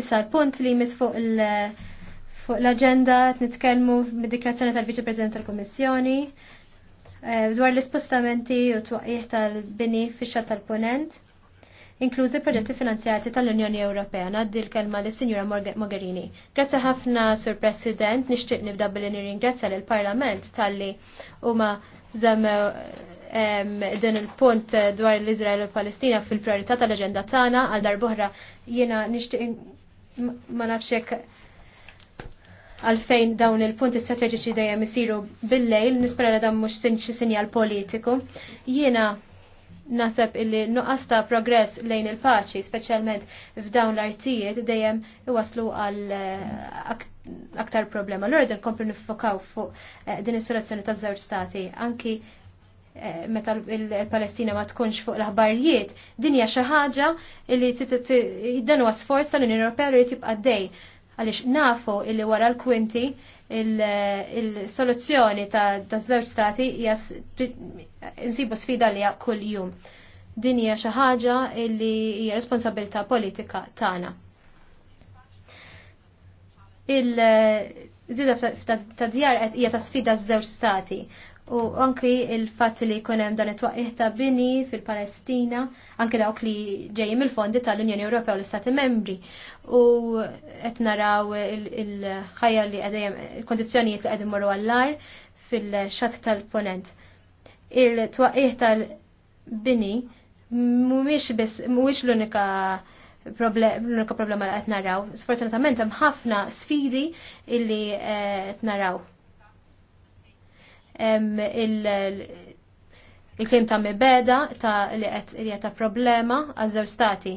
Issa l punt li mis fuq il- fuq l-agenda nitkellmu mid-dikrazzjoni tal-Viċi President tal-Kommissjoni eh, dwar l-ispostamenti u twaqqiħ tal-bini fix-xatt tal-Ponent, inklużi proġetti finanzjati tal-Unjoni Ewropea. Naddi l-kelma l sinjura Mogherini. Grazzi ħafna, Sur President, nixtieq nibda billi nirringrazzja l parlament tal-li huma żammew din il-punt dwar l-Izrael u l-Palestina fil-priorità tal-aġenda tagħna għal darbohra jiena nixtieq ma nafx hekk għalfejn dawn il-punti strateġiċi dejjem isiru bil-lejl, nispera li dan mhux xi sinjal politiku. Jiena nasab illi nuqqas ta' progress lejn il-paċi, speċjalment f'dawn l-artijiet dejjem iwaslu għal eh, aktar problema. L-għorda nkomplu nifokaw fuq eh, din is-soluzzjoni taż żewġ stati, anki Eh, meta il palestina ma tkunx fuq l-aħbarijiet, din hija xi ħaġa li dan huwa sforza l unjoni Ewropea li tibqa' dej għaliex nafu illi wara l-kwinti il-soluzzjoni ta' żewġ stati hija insibu sfida li kull jum. Din hija xi ħaġa li hija responsabilità politika tagħna. Il-żida eh, ta' djar hija ta' sfida żewġ stati u anki il fat li kunem dan it-twaqqih ta' bini fil-Palestina, anki dawk li ġejjin mill-fondi tal-Unjoni Ewropea u l-Istati Membri. U qed naraw il-ħajja li għadajem il-kondizzjonijiet li qegħdin morru għall għar fil-xatt tal-ponent. Il-twaqqih tal-bini mhumiex biss mhuwiex l-unika l-unika problema li qed naraw. Sfortunatament hemm ħafna sfidi illi eh, qed naraw il-klim ta' mibeda ta' li qed ta' problema għaż stati.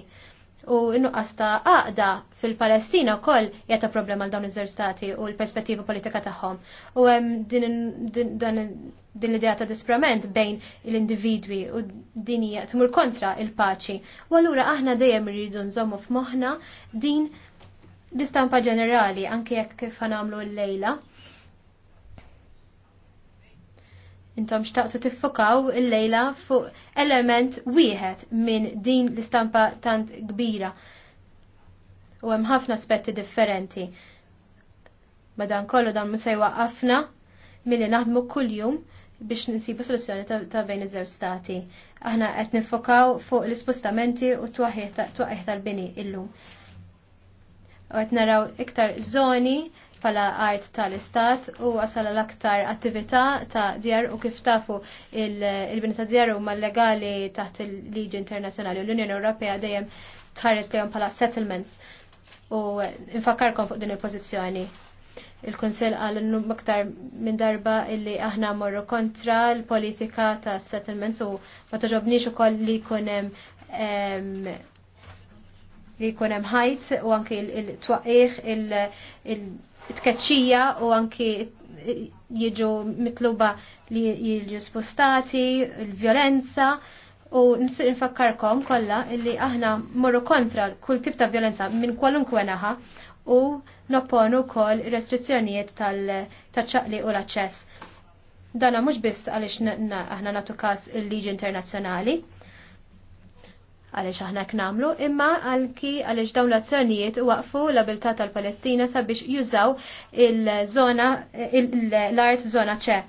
U nuqqas ta' għaqda fil-Palestina wkoll hija ta' problema għal dawn iż-żewġ stati u l-perspettiva politika tagħhom. U hemm din l-idea ta' disprament bejn l-individwi u din hija tmur kontra il-paċi. U allura aħna dejjem irridu nżommu f'moħħna din l-istampa ġenerali anke jekk kif għamlu l-lejla intom xtaqtu tiffokaw il-lejla fuq element wieħed minn din l-istampa tant kbira. U hemm ħafna aspetti differenti. Madan kollu dan musejwa ħafna milli naħdmu kuljum biex nsibu soluzzjoni ta' bejn iż-żewġ stati. Aħna qed nifokaw fuq l-ispostamenti u twaħħieħ tal-bini illum. U qed naraw iktar żoni pala art tal-istat u għasala l-aktar attività ta' djar u kif tafu il-bini ta' djar u mal-legali taħt il-liġi internazjonali u l-Unjoni Ewropea dejjem tħares lejhom pala settlements u infakkarkom fuq din il-pozizjoni il-Konsell għal maktar minn darba illi aħna morru kontra l-politika ta' settlements u ma toġobniex ukoll li kunem li kunem ħajt u anki il-twaqqiħ il-, il, il it-tkaċċija u anki jiġu mitluba li jilju spostati, il-violenza u nsir infakkarkom kolla illi aħna morru kontra kull tip ta' violenza minn kwalunkwe naħa u nopponu kol restrizzjonijiet tal-ċaqli u l-aċċess. Dana mux biss għalix aħna natu kas il-liġi internazzjonali, għaliex aħna knamlu, imma anki għaliex dawn l-azzjonijiet waqfu l-abilità tal-Palestina sabiex jużaw il-żona l-art żona ċe.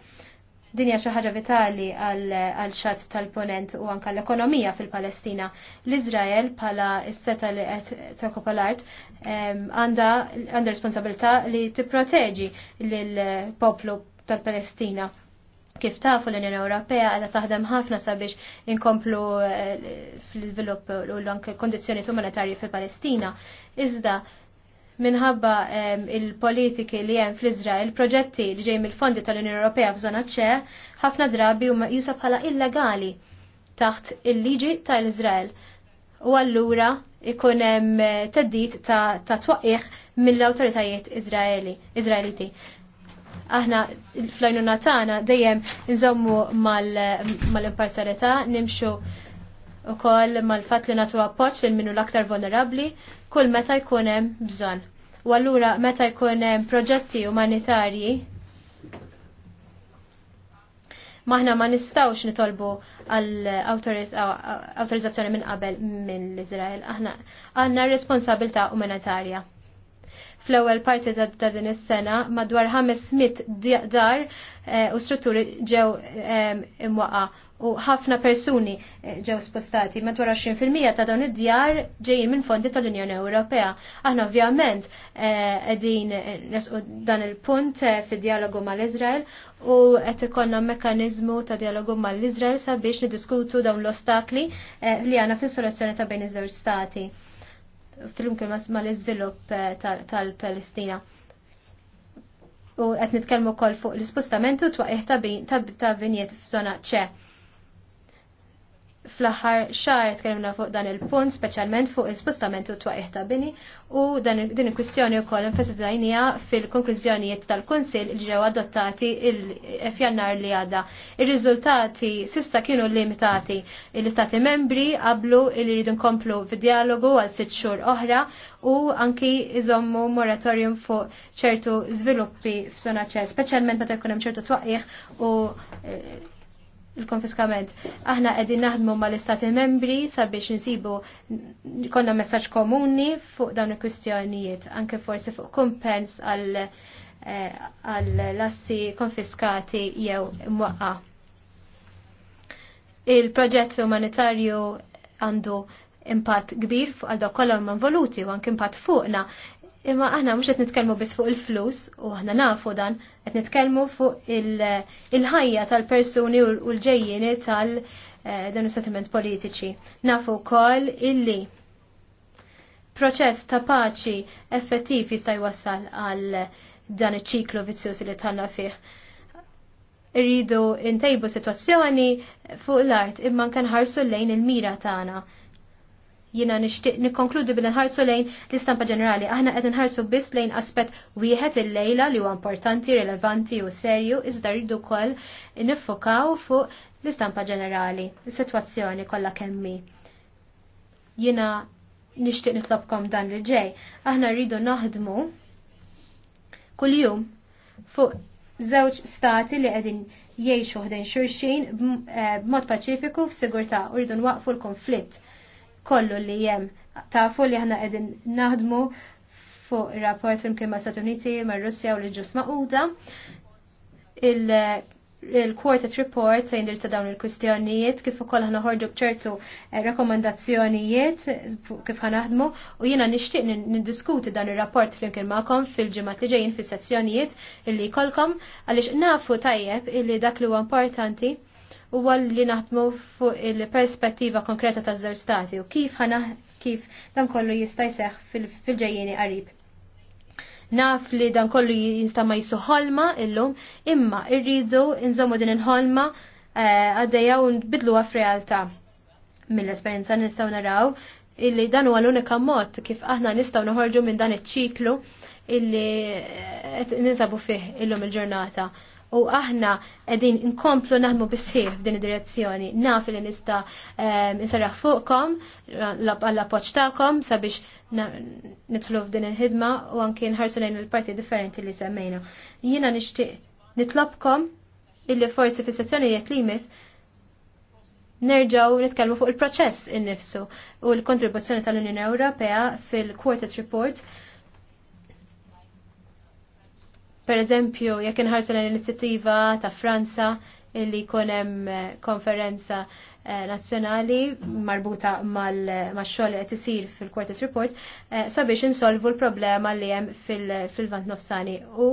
Dinja xi ħaġa vitali għal xatt tal-ponent u anke l-ekonomija fil-Palestina. L-Iżrael bħala s-seta li qed tokopa l-art għandha għandha responsabilità li tipproteġi lill-poplu tal-Palestina. Kif tafu l-Unjoni Ewropea għadha taħdem ħafna sabiex inkomplu eh, fl izvilupp u l kondizzjoni umanitarji fil-Palestina. Iżda minħabba il-politiki li hemm fl-Iżrael, proġetti li ġej mill-fondi tal-Unjoni Ewropea f'żona ċe, ħafna drabi huma jusab bħala illegali taħt il-liġi tal-Iżrael. U allura ikun hemm eh, teddit ta' twaqqih mill-awtoritajiet Iżraeli, Iżraeliti aħna fl-għajnuna tagħna dejjem nżommu mal-imparzjalità, nimxu koll mal-fatt li nagħtu appoġġ lil minnu l-aktar vulnerabbli kull meta jkun hemm bżonn. U allura meta jkun hemm proġetti umanitarji maħna ma nistawx nitolbu għal autorizzazzjoni minn qabel mill-Izrael. Aħna għandna responsabilta umanitarja fl-ewwel parti ta' din is-sena madwar 500 dar eh, u strutturi ġew imwaqa u ħafna persuni eh, ġew spostati madwar 20% ta' dawn id-djar ġejjin minn fondi tal-Unjoni Ewropea. Aħna ovvjament eh, qegħdin nesqu dan il-punt fid-dialogu mal-Iżrael u qed ikollna mekkaniżmu ta' dialogu mal-Iżrael sabiex niddiskutu dawn l-ostakli li għandna fis-soluzzjoni ta' bejn iż-żewġ stati flimkien imkien ma' l-izvilupp eh, tal-Palestina. U qed nitkellmu wkoll fuq l-ispostamentu twaqih ta' binjiet f'żona ċe fl-aħħar xahar tkellimna fuq dan il-punt, speċjalment fuq il-spostament u twaqih ta' bini, u dan din il-kwistjoni wkoll enfasizzajnija fil-konklużjonijiet tal-Kunsill li ġew adottati il-fjannar li għadda. Ir-riżultati sissa kienu limitati. Il-Istati membri qablu li jridu nkomplu fid-dialogu għal sitt xhur oħra u anki iżommu moratorium fuq ċertu żviluppi f'żona ċer, speċjalment meta jkun hemm ċertu twaqih u eh, il-konfiskament. Aħna qegħdin naħdmu mal-Istati membri sabiex insibu konna messaġġ komuni fuq dawn il-kwistjonijiet, anke forsi fuq kumpens għall-lassi eh, konfiskati jew mwaqqa. Il-proġett umanitarju għandu impatt kbir fuq għal kollha man voluti u anke impatt fuqna Imma aħna mhux qed nitkellmu biss fuq il-flus u aħna nafu dan qed nitkellmu fuq il-ħajja tal-persuni u l-ġejjieni tal eh, dan sentiment politiċi. Nafu wkoll illi proċess ta' paċi effettiv jista' jwassal għal dan iċ-ċiklu vizzjuż li tħanna fih. Irridu ntejbu sitwazzjoni fuq l-art imma nkanħarsu lejn il-mira tagħna Jina nixtieq nikkonkludi bil nħarsu lejn l-istampa ġenerali. Aħna qed nħarsu biss lejn aspett wieħed il-lejla li huwa importanti, rilevanti u serju, iżda rridu wkoll niffokaw fuq l-istampa ġenerali, is-sitwazzjoni kollha kemmi. Jina nixtieq nitlobkom dan li ġej. Aħna rridu naħdmu kuljum fuq żewġ stati li qegħdin jgħixu ħdejn xulxin eh, b'mod paċifiku f'sigurtà u rridu nwaqfu l-konflitt kollu li jem. Tafu li ħna edin naħdmu fuq rapport fil-mkien ma' Stati Uniti, ma' Russja u li ġus ma' Uda. Il-quartet report se jindirizza dawn il-kwistjonijiet kif ukoll ħana ħorġu bċertu eh, rakkomandazzjonijiet kif ħdmu u jiena nixtieq niddiskuti dan ir-rapport flimkien magħkom fil-ġimgħat li ġejjin fis-sezzjonijiet illi jkollkom għaliex nafu tajjeb illi dak li huwa importanti u li naħdmu fuq il-perspettiva konkreta ta' żewġ stati u kif ħana kif dan kollu jista' jseħħ fil-ġejjeni qarib. Naf li dan kollu jista' ma jisu ħolma illum, imma irridu nżommu din il-ħolma eh, għaddejja u nbidluha f'realtà. Mill-esperjenza nistgħu naraw illi dan huwa l-unika mod kif aħna nistgħu noħorġu minn dan iċ-ċiklu illi eh, ninsabu fih illum il-ġurnata. il ġurnata u aħna qegħdin inkomplu naħdmu bisħiħ f'din id-direzzjoni. Naf li nista' ehm, nsarraħ fuqkom għall-appoġġ sabiex nitlu f'din il-ħidma u anke nħarsu lejn il-parti differenti li semmejna. Jiena nixtieq nitlobkom illi forsi fis-sezzjonijiet li jmiss nerġaw nitkellmu fuq il-proċess innifsu u l-kontribuzzjoni tal-Unjoni Ewropea fil-Quartet Report Per eżempju, jekk inħarsu l-inizjattiva ta' Franza illi kunem eh, konferenza eh, nazzjonali marbuta mal-xogħol qed isir fil-Quartus Report eh, sabiex insolvu l-problema li hemm fil-vant nofsani u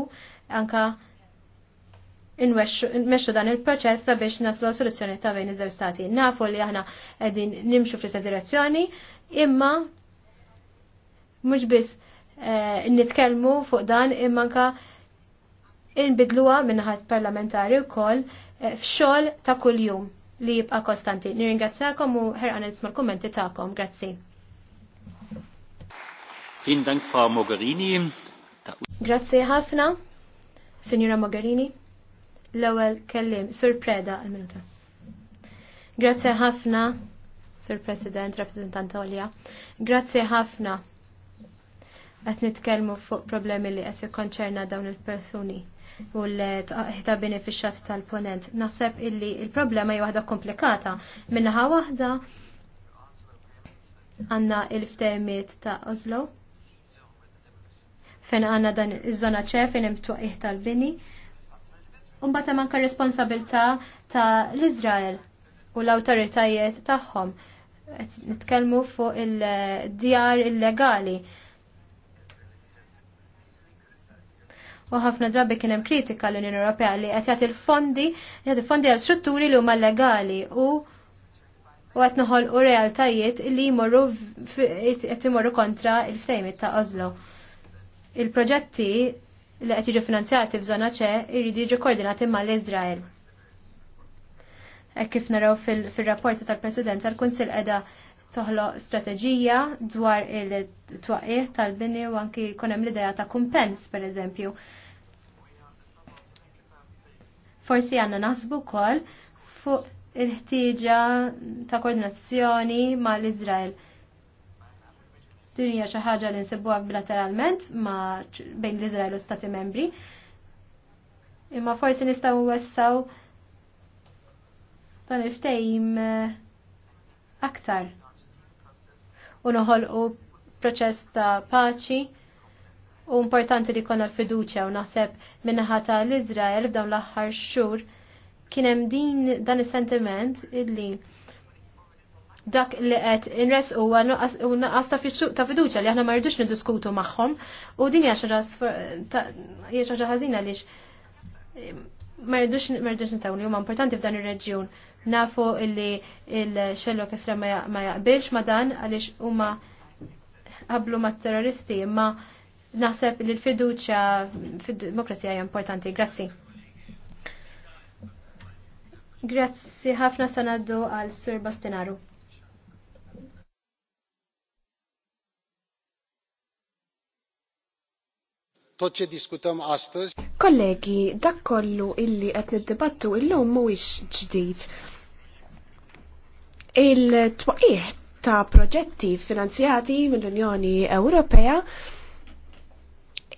anka nmexxu dan il-proċess sabiex naslu soluzzjoni ta' bejn iż-żewġ stati. Nafu li aħna qegħdin nimxu fl direzzjoni, imma mhux biss nitkellmu fuq dan imma anka inbidluha minnaħat parlamentari wkoll eh, f'xogħol ta' kuljum li jibqa' kostanti. Nirringrazzakom u ħerqan nisma' l-kummenti tagħkom. Grazzi. Fin Dank, Frau Mogherini. Grazzi ħafna, Signora Mogherini. L-ewwel kellim Sur Preda għal-minuta. Grazzi ħafna, Sur President, Rappresentant Olja. Grazzi ħafna għat nitkelmu fuq problemi li għat jikonċerna dawn il personi u l-ħita beneficjat tal-ponent. Naħseb illi il-problema hija waħda komplikata. Minnaħa waħda għanna il-ftemiet ta' Oslo fejn għanna dan iż-żona ċe fejn hemm twaqih tal-bini. Umbagħad hemm anke responsabilità ta' l-Iżrael u l-awtoritajiet tagħhom. Nitkellmu fuq il-djar illegali. U ħafna drabi kien hemm kritika l-Unjoni Ewropea li qed jagħti l-fondi, jagħti fondi għal strutturi li huma legali u u qed noħolqu realtajiet li jmorru qed imorru kontra l-ftejmiet ta' Oslo. Il-proġetti li qed jiġu finanzjati f'żona ċe jridu jiġu koordinati mal-Iżrael. Hekk kif naraw fil-rapporti tal-President tal-Kunsill qiegħda toħloq strateġija dwar il-twaqih tal-bini u anki jkun hemm l-idea ta' kumpens, pereżempju. eżempju Forsi għanna naħsbu kol fuq il-ħtieġa ta' koordinazzjoni mal iżrael Din hija xi ħaġa li nsibuha bilateralment ma' bejn l-Iżrael u stati membri. Imma forsi nistgħu wessaw dan il-ftejm eh, aktar u noħolqu proċess ta' paċi U importanti li konna l-fiduċja u naħseb minnaħa ta' l-Izrael f'dawn l-aħħar xhur kien hemm din dan is-sentiment illi dak li qed inres u naqas ta' fiduċja li aħna ma rridux niddiskutu magħhom u din hija xi ħaġa ħażina għaliex eh, ma rridux nitaw li huma importanti f'dan ir-reġjun. Nafu illi il-xellok isra ma jaqbilx ma dan għaliex huma qablu mat-terroristi imma Naħseb li l-fiduċja fid-demokrazija hija importanti. Grazzi. Grazzi ħafna sanaddu għal Sir Bastinaru. Toċċe diskutam astăzi. Kollegi, dak kollu illi qed niddibattu illum mhuwiex ġdid. Il-twaqih ta' proġetti finanzjati mill-Unjoni Ewropea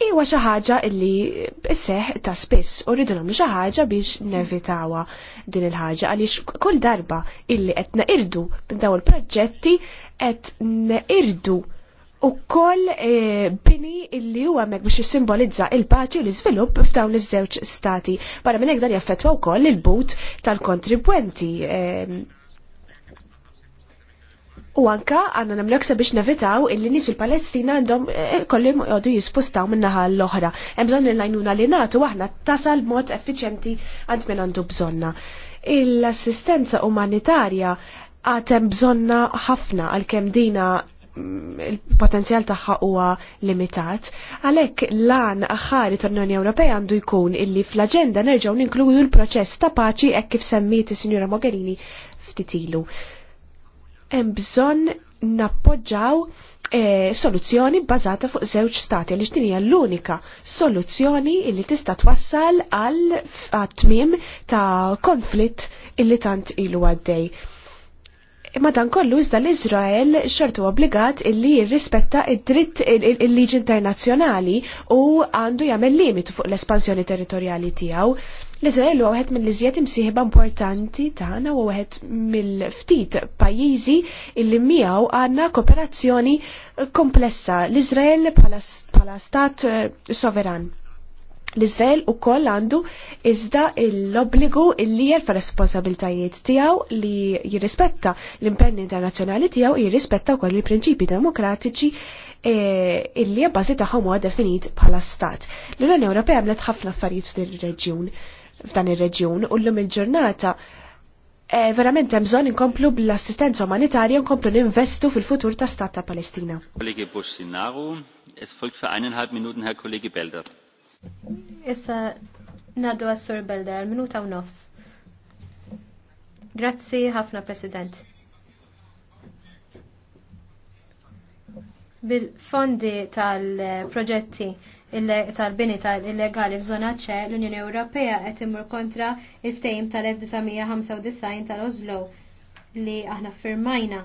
Iwa xi ħaġa illi seħ ta' spiss u rridu nagħmlu xi ħaġa biex nevitawha din il-ħaġa għaliex kull darba illi qed neqirdu minn dawn il-proġetti qed neqirdu koll e, bini illi huwa hemmhekk biex jissimbolizza il-paċi u l-iżvilupp f'dawn iż-żewġ stati. Barra minn hekk dan jaffettwa wkoll il-but tal-kontribwenti e, U anka għanna namlu eksa biex nevitaw illi nis fil-Palestina għandhom eh, kollim għodu jispustaw minnaħa l-oħra. Emżon l-lajnuna li natu għahna tasal mod effiċenti għand minn għandu bżonna. Il-assistenza umanitarja għatem bżonna ħafna għal-kem dina mm, il-potenzjal tagħha huwa limitat, għalhekk lan aħħari tal-Unjoni Ewropea għandu jkun illi fl-aġenda nerġgħu ninkludu l-proċess ta' paċi hekk kif semmiet is-Sinjura Mogherini ftitilu hemm bżonn nappoġġaw eh, soluzzjoni bbażata fuq żewġ stati għaliex din hija l-unika soluzzjoni li tista' twassal għal tmiem ta' konflitt illi tant ilu għaddej. Imma dan kollu iżda l-Izrael xortu obbligat illi jirrispetta id-dritt il-liġi internazzjonali u għandu jagħmel limit fuq l-espansjoni territorjali tiegħu. L-Izrael huwa wieħed mill-iżjed imsieħba importanti tagħna u wieħed mill-ftit pajjiżi illi miegħu għandna kooperazzjoni komplessa l-Izrael bħala stat eh, soveran. L-Izrael u koll għandu iżda l-obbligu illi jerfa responsabiltajiet tijaw li jirrispetta l-impenni internazjonali tijaw jirrispetta u koll il-prinċipi demokratiċi eh, illi jabbażi taħħom huwa definit bħala stat. L-Unjoni Ewropea għamlet ħafna affarijiet f'dir-reġjun f'dan ir-reġjun u llum il-ġurnata eh, verament hemm bżonn inkomplu bl-assistenza umanitarja nkomplu ninvestu fil-futur ta' stat ta' Palestina. Kollegi Bush Sinaru, es folgt für eineinhalb Minuten Herr Kollege Beldert. Issa naddu għas-Sur Belder, minuta u nofs. Grazzi ħafna, President. Bil-fondi tal-proġetti tal-bini tal-illegali f'żona ċe l-Unjoni Ewropea qed imur kontra il-ftehim tal-1995 tal-Oslo li aħna firmajna.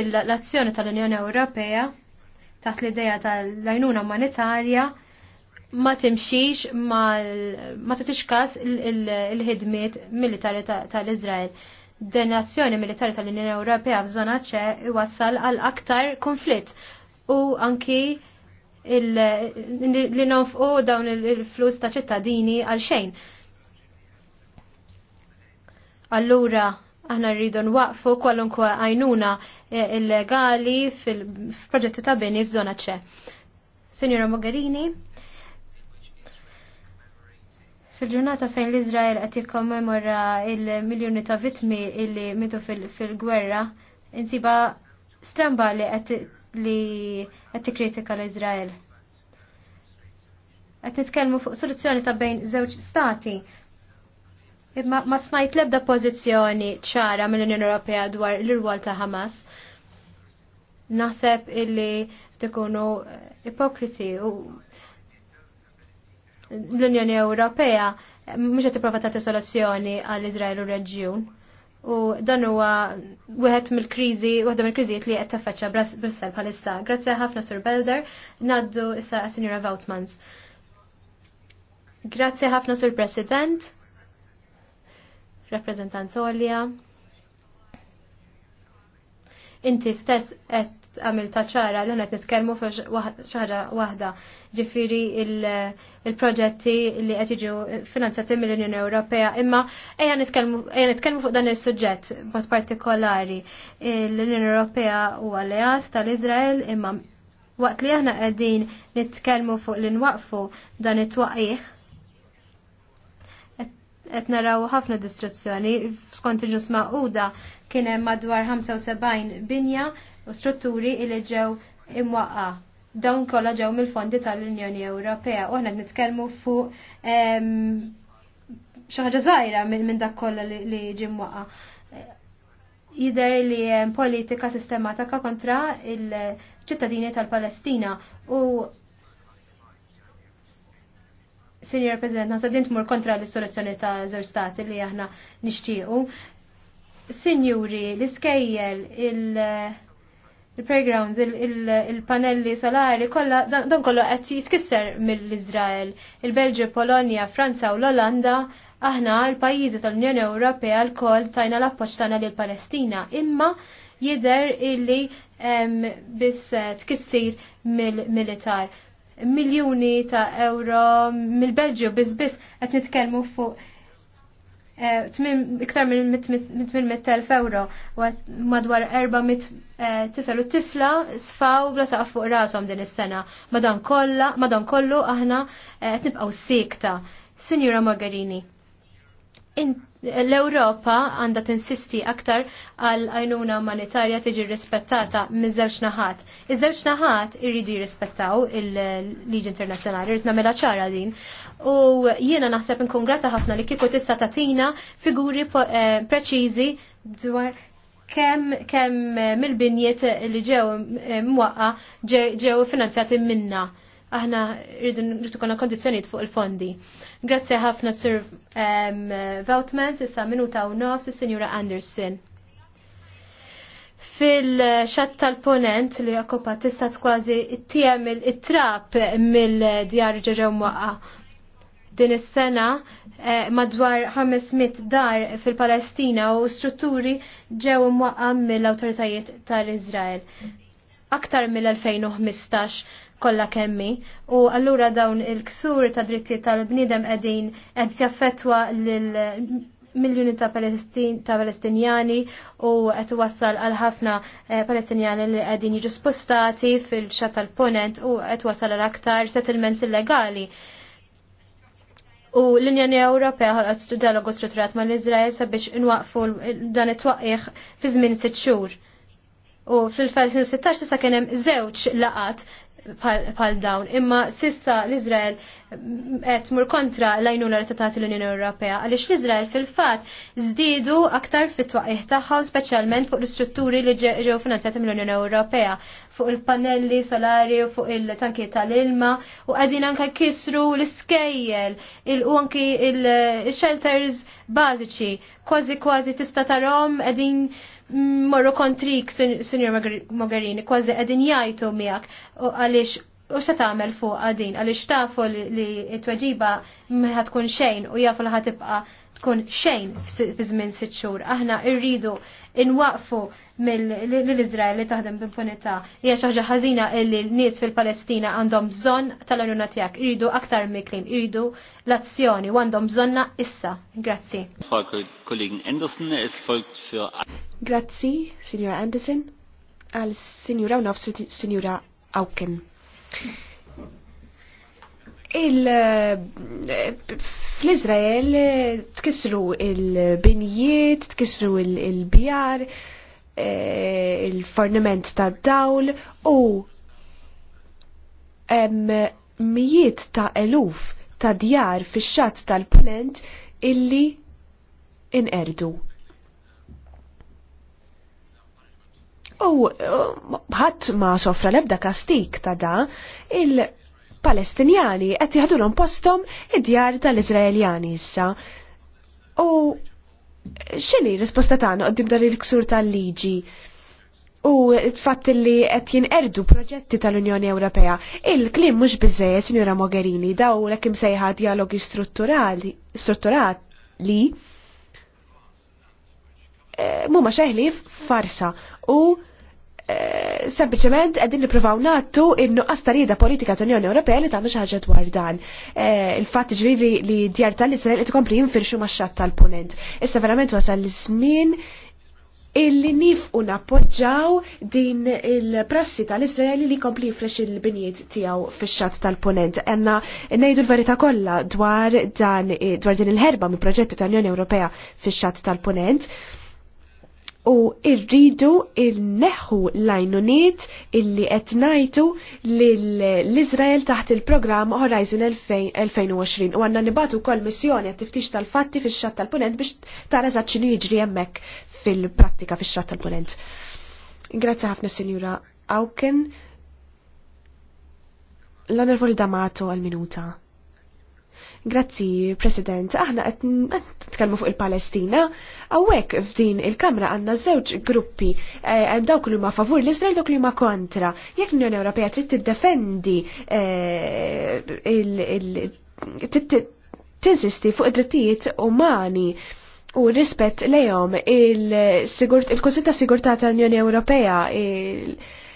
L-azzjoni tal-Unjoni Ewropea taħt l-ideja tal-lajnuna umanitarja ma timxiex ma t-tixkas il-ħidmiet militari tal-Izrael. Denazzjoni militari tal-Unjoni Ewropea f'żona ċe iwassal għal aktar konflitt u anki li nofqu dawn il-flus ta' ċittadini għal xejn. Allura, aħna rridu nwaqfu kwalunkwe għajnuna e, illegali fil-proġetti ta' bini f'żona ċe. Signora Mogherini, Fil-ġurnata fejn l-Izrael qed jikkommemora il miljoni ta' vittmi illi mitu fil-gwerra, insiba stramba li qed tikkritika l-Izrael. Qed nitkelmu fuq soluzzjoni ta' bejn żewġ stati. Imma ma smajt lebda pożizzjoni ċara mill-Unjoni Ewropea dwar l-irwol ta' Hamas. Naħseb illi tikunu ipokriti u l-Unjoni Ewropea mhux qed tipprova tagħti soluzzjoni għall Iżrael u reġjun. U dan huwa wieħed mill-kriżi, waħda mill-kriżijiet li qed taffaċċa Brussel bħalissa. Grazzi ħafna Sur Belder, ngħaddu issa Sinjura Vautmans. Grazzi ħafna Sur President, rappresentant Olja. Inti stess qed għamil taċara li għonet nitkelmu xaħġa wahda ġifiri il-proġetti li għet iġu finanzati mill-Unjoni Ewropea imma eja nitkermu fuq dan il-sujġet bot partikolari l-Unjoni Ewropea u għal-Eas tal-Izrael imma waqt li aħna għedin nitkermu fuq l-inwaqfu dan it-twaqiħ qed naraw ħafna distruzzjoni skont il-ġus maquda kien hemm madwar 75 binja u strutturi li ġew imwaqqa. Dawn kollha ġew mill-fondi tal-Unjoni Ewropea u aħna nitkellmu fuq xi ħaġa żgħira minn dak kollha li ġi mwaqqa. Jider li politika sistematika kontra il-ċittadini tal-Palestina u Senior President, nasa din tmur kontra l istoluzzjoni ta' żewġ stati li aħna nixtiequ. Sinjuri, l-iskejjel, il- il-playgrounds, il-panelli solari, kolla, dan kollu għet jitkisser mill-Izrael. Il-Belġi, Polonia, Franza u l-Olanda, aħna l-pajizi tal-Unjoni Ewropea l-koll tajna l-appoċ tagħna l Palestina. Imma jider illi biss eh, tkissir mill-militar. Miljuni ta' euro mill-Belġju biss biss qed nitkellmu fuq Eh, iktar minn 800.000 euro madwar 400 eh, tifel u tifla sfaw bla saqaf fuq rasom din is-sena. Madan kollu aħna qed eh, nibqgħu sikta. Sinjura Margarini, inti L-Ewropa għandha tinsisti aktar għal għajnuna umanitarja tiġi rispettata miż-żewġ naħat. Iż-żewġ naħat irridu jirrispettaw il-liġi internazzjonali, rrid mela ċara din. U jiena naħseb inkun grata ħafna li kieku tista' tatina figuri eh, preċiżi dwar kemm kemm mill-binjiet li ġew eh, mwaqqa ġew finanzjati minna aħna rridu nritukonna kondizjoniet fuq il-fondi. Grazzi ħafna Sir Voutmans, issa minuta u nofs, Signora Anderson. Fil-xat tal-ponent li okkupa tista' kważi it-tijem it-trap mill-djar ġeġaw muqqa. Din is-sena eh, madwar 500 dar fil-Palestina u strutturi ġew muqqa mill-awtoritajiet tal-Iżrael aktar mill-2015 kollha kemmi u allura dawn il-ksur ta' drittijiet tal-bniedem qegħdin qed jaffettwa lil miljoni ta' Palestin, ta' Palestinjani u qed wassal għal ħafna eh, Palestinjani li qegħdin jiġu spostati fil-xat tal-ponent u qed wasal għal aktar settlements illegali. U l-Unjoni Ewropea ħolqot dialogu strutturat mal iżrael sabiex inwaqfu dan it-twaqqih fi żmien sitt xhur. U fil-2016 sa' kien hemm żewġ laqat pal dawn. Imma sissa l-Izrael mm, qed mur kontra l-għajnuna l-Unjoni Ewropea għaliex l-Izrael fil-fatt żdiedu aktar fit-twaqih tagħha speċjalment fuq l-istrutturi li ġew finanzjati mill-Unjoni Ewropea fuq il-panelli solari u fuq il-tanki tal-ilma u għazin anka kisru l-iskejjel u anki il-shelters bażiċi kważi kważi tista' tarhom qegħdin morru kontrik, Sinjor Mogherini, kważi għedin jajtu miegħek għaliex u se tagħmel fuq għadin għaliex tafu li t-tweġiba ma tkun xejn u jafu li ħatibqa' tkun xejn fi żmien sitt xhur. Aħna rridu inwaqfu mill-Iżrael li taħdem b'impunità. Hija xi ħaġa ħażina li n-nies fil-Palestina għandhom bżonn tal-għajnuna tiegħek, iridu aktar miklin, iridu l-azzjoni u għandhom bżonna issa. Grazzi. Grazzi, Signora Anderson, għal Signora u nofs Signora Awken. Il eh, fl-Izrael eh, tkisru il binijiet tkisru il-bjar, eh, il-forniment ta' dawl u mijiet ta' eluf ta' djar fi xat tal-punent illi inqerdu. U eh, ħadd ma sofra lebda kastik ta' da il- Palestinjani qed jaħdulhom postom id-djar tal-Iżraeljani issa. U x'inhi risposta tagħna qoddim dan il-ksur tal-liġi? U t-fatt li qed jinqerdu proġetti tal-Unjoni Ewropea. Il-klim mhux biżejjed, Sinjora Mogherini, daw l sejħa dialogi strutturali, strutturali eh, mhuma xeħli farsa u Eh, sempliciment għedin niprofaw nattu innu qastarida politika tal-Unjoni Ewropea li tagħmel xi ħaġa dwar dan. Eh, il-fatt ġifieri li djar tal-Israel t ikompli jinfirxu max-xatt tal-punent. Issa verament wasal l-ismin illi nifqu nappoġġaw din il-prassi tal israeli li kompli jifrex il-binijiet tiegħu fix-xatt tal-ponent. Enna ngħidu l-verità kollha dwar dan dwar din il-ħerba mill proġetti tal-Unjoni Ewropea fix-xatt tal-ponent. tal tal ponent u irridu il-neħu lajnuniet illi qed ngħidu l izrael taħt il-programm Horizon 2020 u għandna nibatu kol missjoni għat tiftix tal-fatti fix-xatt tal-punent biex tara eżatt x'inhu jiġri hemmhekk fil-prattika fix-xatt tal-punent. Grazzi ħafna Sinjura Auken. L-onorevoli damatu għal-minuta. Grazzi, President. Aħna qed nitkellmu fuq il-Palestina, hawnhekk f'din il-Kamra għandna żewġ gruppi hemm eh, dawk li huma favur l-Iżrael dawk li huma kontra. Jekk l-Unjoni Ewropea trid tiddefendi eh, tinsisti fuq id-drittijiet umani u rispett lejhom il-kunsitta sigurt il-kunsit sigurtà tal-Unjoni Ewropea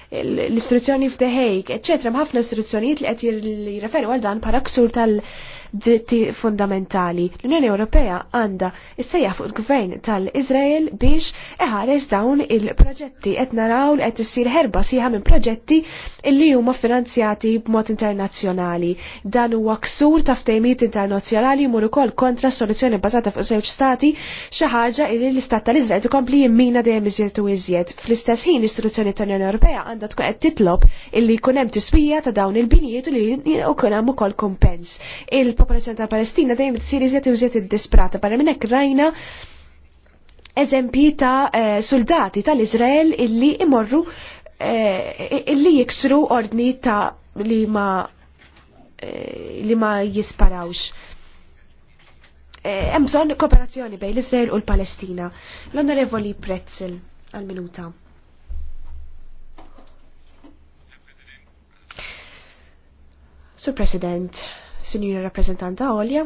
l-istruzzjoni f'The Hague, eccetera, ħafna istruzzjonijiet li qed jirreferu għal dan para ksur tal- dritti fundamentali. L-Unjoni Ewropea għandha issejja fuq il-gvern tal-Izrael biex iħares dawn il-proġetti qed naraw li qed issir herba sieħa minn proġetti li huma finanzjati b'mod internazzjonali. Dan huwa ksur ta' ftehimiet internazzjonali jmur ukoll kontra soluzzjoni bbażata fuq żewġ stati xi ħaġa li l-istat tal-Iżrael tkompli jimmina dejjem iżjed u iżjed. Fl-istess ħin l-istruzzjoni tal-Unjoni Ewropea għandha tkun qed titlob illi jkun hemm tiswija ta' dawn il-binijiet u li jkun hemm ukoll kumpens. Il il-popolazzjoni ta' Palestina dejjem tsir iżjed iżjed id-disprata. Barra minn hekk rajna eżempji ta' eh, soldati tal-Iżrael illi imorru eh, illi jiksru ordni ta' li ma eh, li ma jisparawx. Hemm bżonn kooperazzjoni bejn l-Iżrael u l-Palestina. L-Onorevoli Pretzel għal-minuta. Sur President, Sinjura Rappresentanta Olja.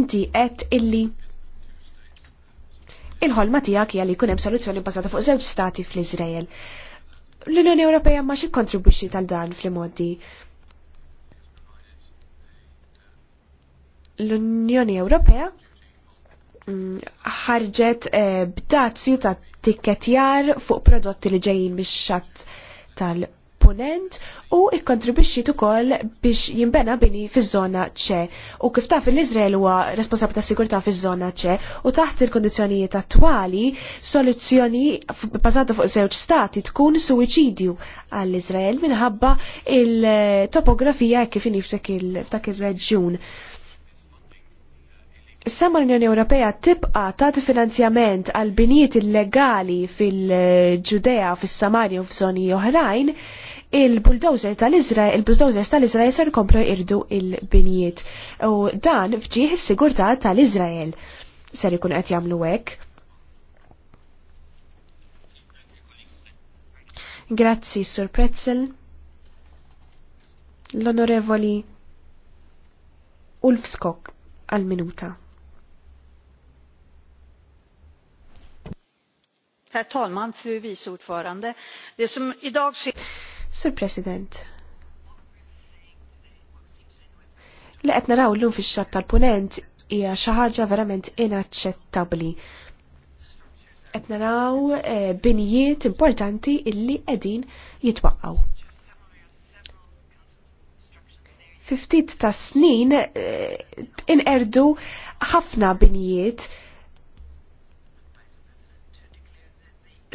Inti qed illi il-ħolma tiegħek hija li jkun hemm soluzzjoni bbażata fuq żewġ stati fl-Iżrael. L-Unjoni Ewropea ma xi kontribwixxi tal-dan fl-modi. L-Unjoni Ewropea mm, ħarġet eh, b'dazzju ta' tikketjar fuq prodotti li ġejjin mix-xatt tal-Unjoni komponent u ikkontribixxi ukoll biex jinbena bini fiż-żona ċe. U kif taf l-Iżrael huwa responsabbli ta' sigurtà fiż-żona ċe u taħt il-kondizzjonijiet attwali soluzzjoni bbażata fuq żewġ stati tkun suwiċidju għall-Iżrael minħabba il-topografija kif f'dak ir-reġjun. Sema l-Unjoni Ewropea tibqa tat finanzjament għal binijiet illegali fil-Ġudea, fis-Samarja u f'żoni oħrajn, il-bulldozer tal-Izrael, il bulldozer tal-Izrael ser komplu irdu il-binijiet. U dan fġieħ is-sigurtà tal-Izrael ser ikun qed jagħmlu hekk. Grazzi, Sur Pretzel. L-Onorevoli Ulf Skok għal-minuta. Herr talman, fru vice ordförande. Det som idag ser... Sur President. Li qed naraw llum fix-xatt tal-punent hija xi ħaġa verament inaċċettabbli. Qed naraw eh, binijiet importanti illi qegħdin jitwaqqgħu. Fi ftit ta' snin eh, inqerdu ħafna binijiet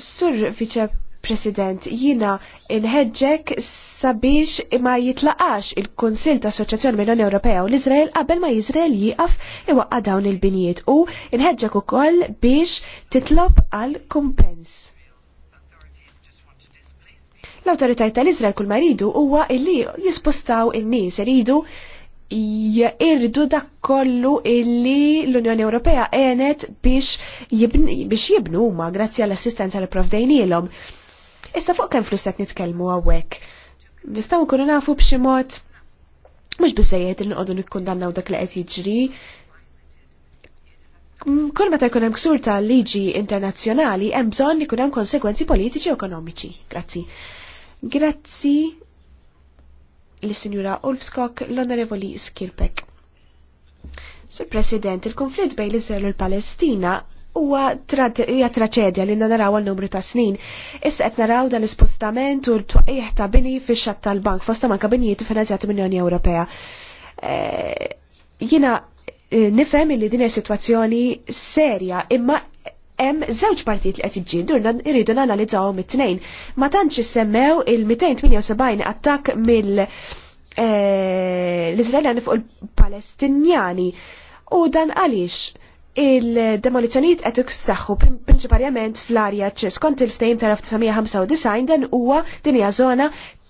Sur Viċe President, jina inħedġek sabiex ma jitlaqax il-Konsil ta' Assoċjazzjoni mill-Unjoni Ewropea u l-Izrael qabel ma Izrael jiqaf iwaqqa dawn il-binijiet u inħedġek ukoll biex titlob għal kumpens. L-autoritajt tal-Izrael kull ma jridu huwa illi jispostaw in-nies iridu jirdu dak kollu illi l-Unjoni Ewropea għenet biex jibnu, ma grazzi għall-assistenza l-prof dejnilom. Issa fuq kemm flus qed nitkellmu hawnhekk. Nistgħu nkunu nafu b'xi mod mhux biżejjed inqogħdu nikkundannaw dak li qed jiġri. Kull meta jkun hemm ksur ta' liġi internazzjonali hemm bżonn ikun hemm konsegwenzi politiċi u ekonomiċi. Grazzi. Grazzi l-Sinjura Ulfskok l-Onorevoli Skirpek. Sur President, il-konflitt bejn l-Israel u l-Palestina huwa hija traċedja li naraw għal numru ta' snin. Issa qed naraw dan l-ispostament u l-twaqih ta' bini fix-xatt tal-bank fosta manka binijiet finanzjati mill-Unjoni Ewropea. Eh, Jiena eh, nifhem li din is sitwazzjoni serja imma hemm żewġ partijiet li qed iġġieldu irridu nanalizzawhom it-tnejn. Ma tantx issemmew il-278 attakk mill eh, l-Izraeljani fuq il-Palestinjani u dan għaliex Il-demolizzjonijiet qed iksaħħu prinċipalment fl-arja ċis kont il-ftehim tal-1995 dan huwa din hija żona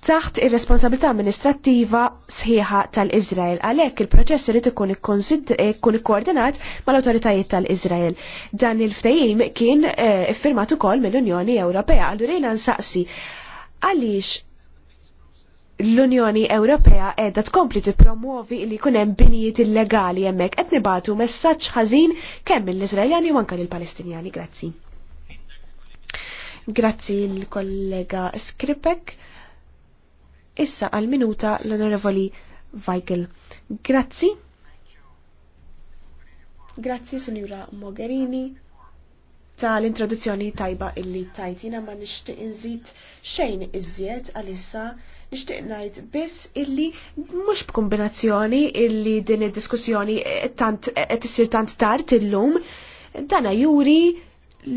taħt ir-responsabilità amministrattiva sħiħa tal-Iżrael. Għalhekk il-proċess irid ikun ikun ikkoordinat mal-awtoritajiet tal-Iżrael. Dan il-ftehim kien eh, iffirmat ukoll mill-Unjoni Ewropea. Allura jiena nsaqsi għaliex l-Unjoni Ewropea edha tkompli tippromuovi li jkun hemm binijiet illegali hemmhekk qed nibatu messaġġ ħażin kemm mill-Iżraeljani u anke lill-Palestinjani. Grazzi. Grazzi l-kollega Skripek. Issa għal minuta l-Onorevoli Weigel. Grazzi. Grazzi, Sinjura Mogherini tal-introduzzjoni tajba illi tajtina ma nixtieq inżid xejn iżjed għalissa issa nixtieq ngħid biss illi mhux b'kombinazzjoni illi din id-diskussjoni qed issir tant tard illum dana juri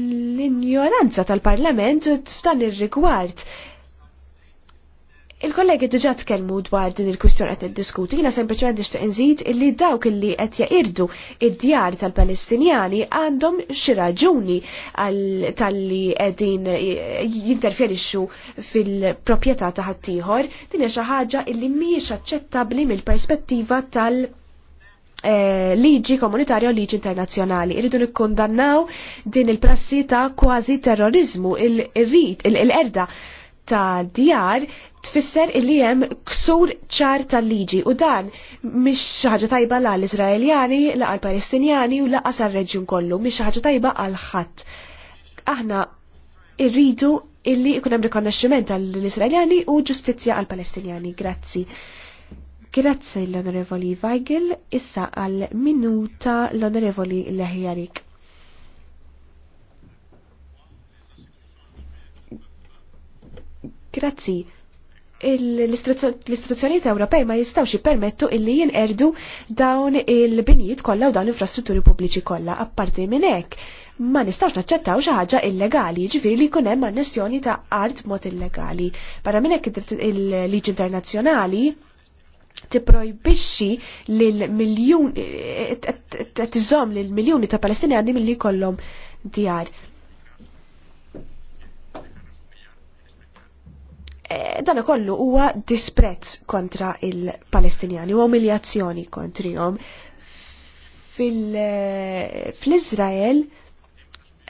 l-injoranza tal-Parlament f'dan ir-rigward Il-kollegi diġa tkellmu dwar din il-kwistjoni qed niddiskuti, jiena sempliċement nixtieq inżid illi dawk illi qed jaqirdu id-djar tal-Palestinjani għandhom xi raġuni tal-li qegħdin jinterferixxu fil-proprjetà ta' ħaddieħor, din hija xi ħaġa illi mhijiex aċċettabbli mill-perspettiva tal- eh, liġi komunitarja u liġi internazzjonali. Irridu nikkondannaw din il-prassi ta' kważi terrorizmu, il-rid, il-erda. il rid il erda ta' djar tfisser illi hemm ksur ċar tal-liġi u dan mhix ħaġa tajba la l izraeljani la l-Palestinjani u la għar-reġjun kollu, mhix ħaġa tajba għal ħadd. Aħna irridu illi ikun hemm rikonnaxximent għall-Iżraeljani u ġustizzja għall-Palestinjani. Grazzi. Grazzi l-Onorevoli Weigel, issa għal minuta l-Onorevoli Leħjarik. Grazzi. l istruzzjoniet Ewropej ma jistawx jippermettu illi jinqerdu dawn il-binijiet kollha u dawn l-infrastrutturi pubbliċi kollha apparti minn hekk. Ma nistawx naċċettaw xi ħaġa illegali, ġifieri li jkun hemm annessjoni ta' art mod illegali. Barra minn hekk il-liġi internazzjonali tipprojbixxi lil miljun tiżomm lil miljuni ta' Palestinjani milli jkollhom djar. Eh, dan kollu huwa disprezz kontra il-Palestinjani u umiljazzjoni kontrihom. Fil-Izrael eh,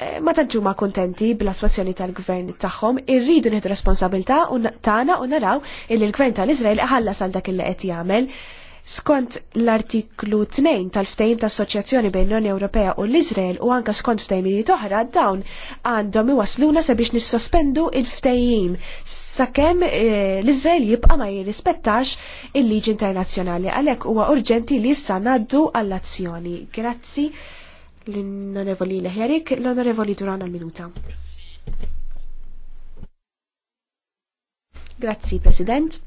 eh, ma tanċu ma kontenti bl-attwazzjoni tal-gvern tagħhom, irridu nieħdu responsabilità tagħna u naraw il l-gvern tal-Iżrael ħallas għal dak il-li qed jagħmel Skont l-artiklu 2 tal ftejim ta' assoċjazzjoni bejn l-Unjoni Ewropea u l izrael u anka skont ftehimijiet oħra dawn għandhom iwasluna sabiex nissospendu il ftejim sakemm eh, l-Iżrael jibqa' ma jirrispettax il-liġi internazzjonali għalhekk huwa urġenti li issa ngħaddu għall-azzjoni. Grazzi l-Onorevoli Leherik, l-Onorevoli Duran għal-Minuta. Grazzi, President.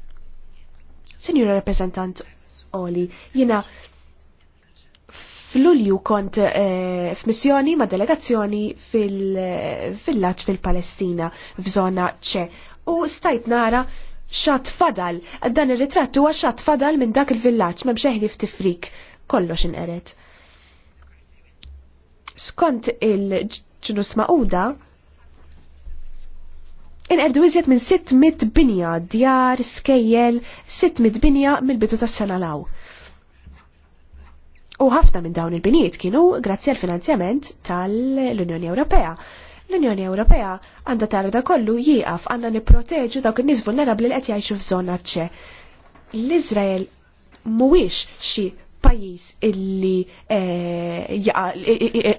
Signora Rappresentant oli. Jina fl-Ulju kont f eh, f'missjoni ma' delegazzjoni eh, fil-laċ fil-Palestina f'żona ċe u stajt nara xat fadal, dan ir-ritratt huwa xat fadal minn dak il-villaġġ m'hemm xeħli ftifrik, kollox inqeret. Skont il-ġnus Mauda, inqerdu iżjed minn 600 binja djar, skejjel, 600 binja mill-bidu tas-sena law. U ħafna minn dawn il-binijiet kienu grazzi għal finanzjament tal-Unjoni Ewropea. L-Unjoni Ewropea għandha tara da kollu jieqaf għandna nipproteġu dawk in-nies vulnerabbli li qed jgħixu f'żona ċe. L-Iżrael mhuwiex xi pajjiż illi eh,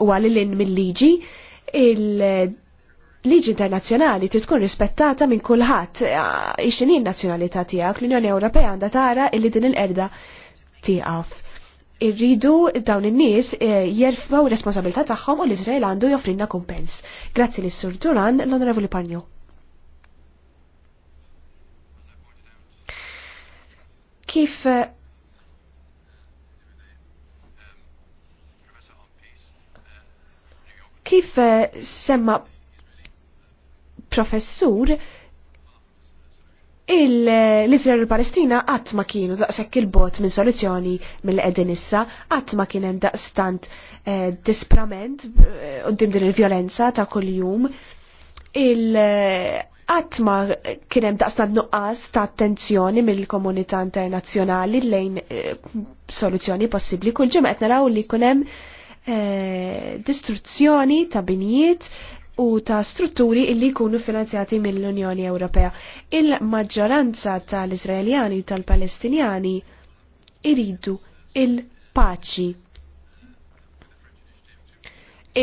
huwa lil mill-liġi il liġi internazzjonali trid tkun rispettata minn kulħadd eh, ix n nazzjonalità tiegħek l-Unjoni Ewropea għandha tara illi din il-qerda tieqaf. Irridu dawn in-nies eh, jerfgħu responsabilità tagħhom u l-Iżrael għandu joffrinna kumpens. Grazzi lis sur Duran l-Onorevoli Parnju. Kif eh, kif semma professur l-Israel u Palestina qatt ma kienu daqshekk il-bot minn soluzzjoni mill-qegħdin issa, qatt ma kien hemm daqstant eh, disprament eh, qudiem din il-vjolenza ta' kuljum. Il qatt ma kien hemm daqstant nuqqas ta' attenzjoni mill-komunità internazzjonali lejn eh, soluzzjoni possibbli kull ġimgħa qed naraw li jkun hemm distruzzjoni ta' binijiet u ta' strutturi illi jkunu finanzjati mill-Unjoni Ewropea. Il-maġġoranza tal-Izraeljani u tal-Palestinjani iridu il-paċi.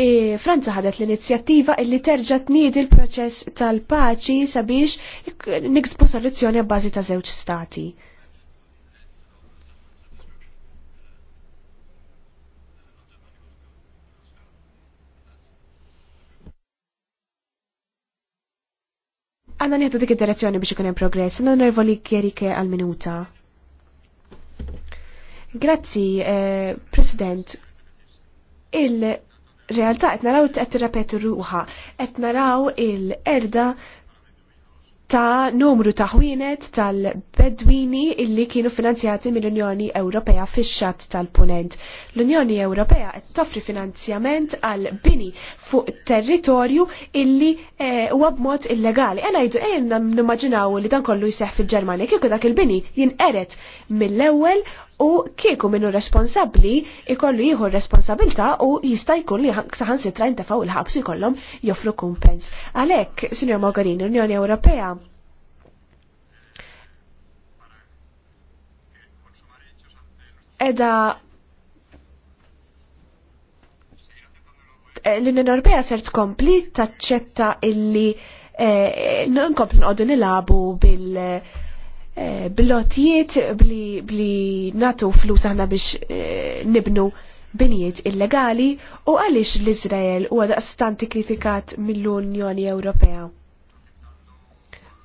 E Franza ħadet l-inizjattiva illi terġa' tniedi il-proċess tal-paċi sabiex niksbu soluzzjoni għabbażi ta' żewġ stati. Għanna nieħdu dik id-direzzjoni biex ikun hemm progress. Nervo li kjerike għal-minuta. Grazzi, eh, President. Il-realtà qed naraw qed tirrepetu ruha qed naraw il-erda ta' numru ta' ħwienet tal-bedwini illi kienu finanzjati mill-Unjoni Ewropea fix-xatt tal-Punent. L-Unjoni Ewropea qed toffri finanzjament għal bini fuq territorju illi huwa e, b'mod illegali. E ngħidu ejn nimmaġinaw li dan kollu jseħħ fil-Ġermanja kieku dak il-bini jinqeret mill-ewwel u kieku minnu responsabli ikollu jieħu responsabilta u jista' jkun li saħan sitra jintafaw il-ħabs jkollhom joffru kumpens. Għalhekk, Sinjor Mogherini, Unjoni Ewropea edha l-Unjoni Ewropea ser tkompli taċċetta illi nkompli nqogħdu nilabu bil- Eh, bil-lotjiet bli natu flus aħna biex eh, nibnu binijiet illegali u għaliex l-Izrael u għadaqstanti kritikat mill-Unjoni Ewropea.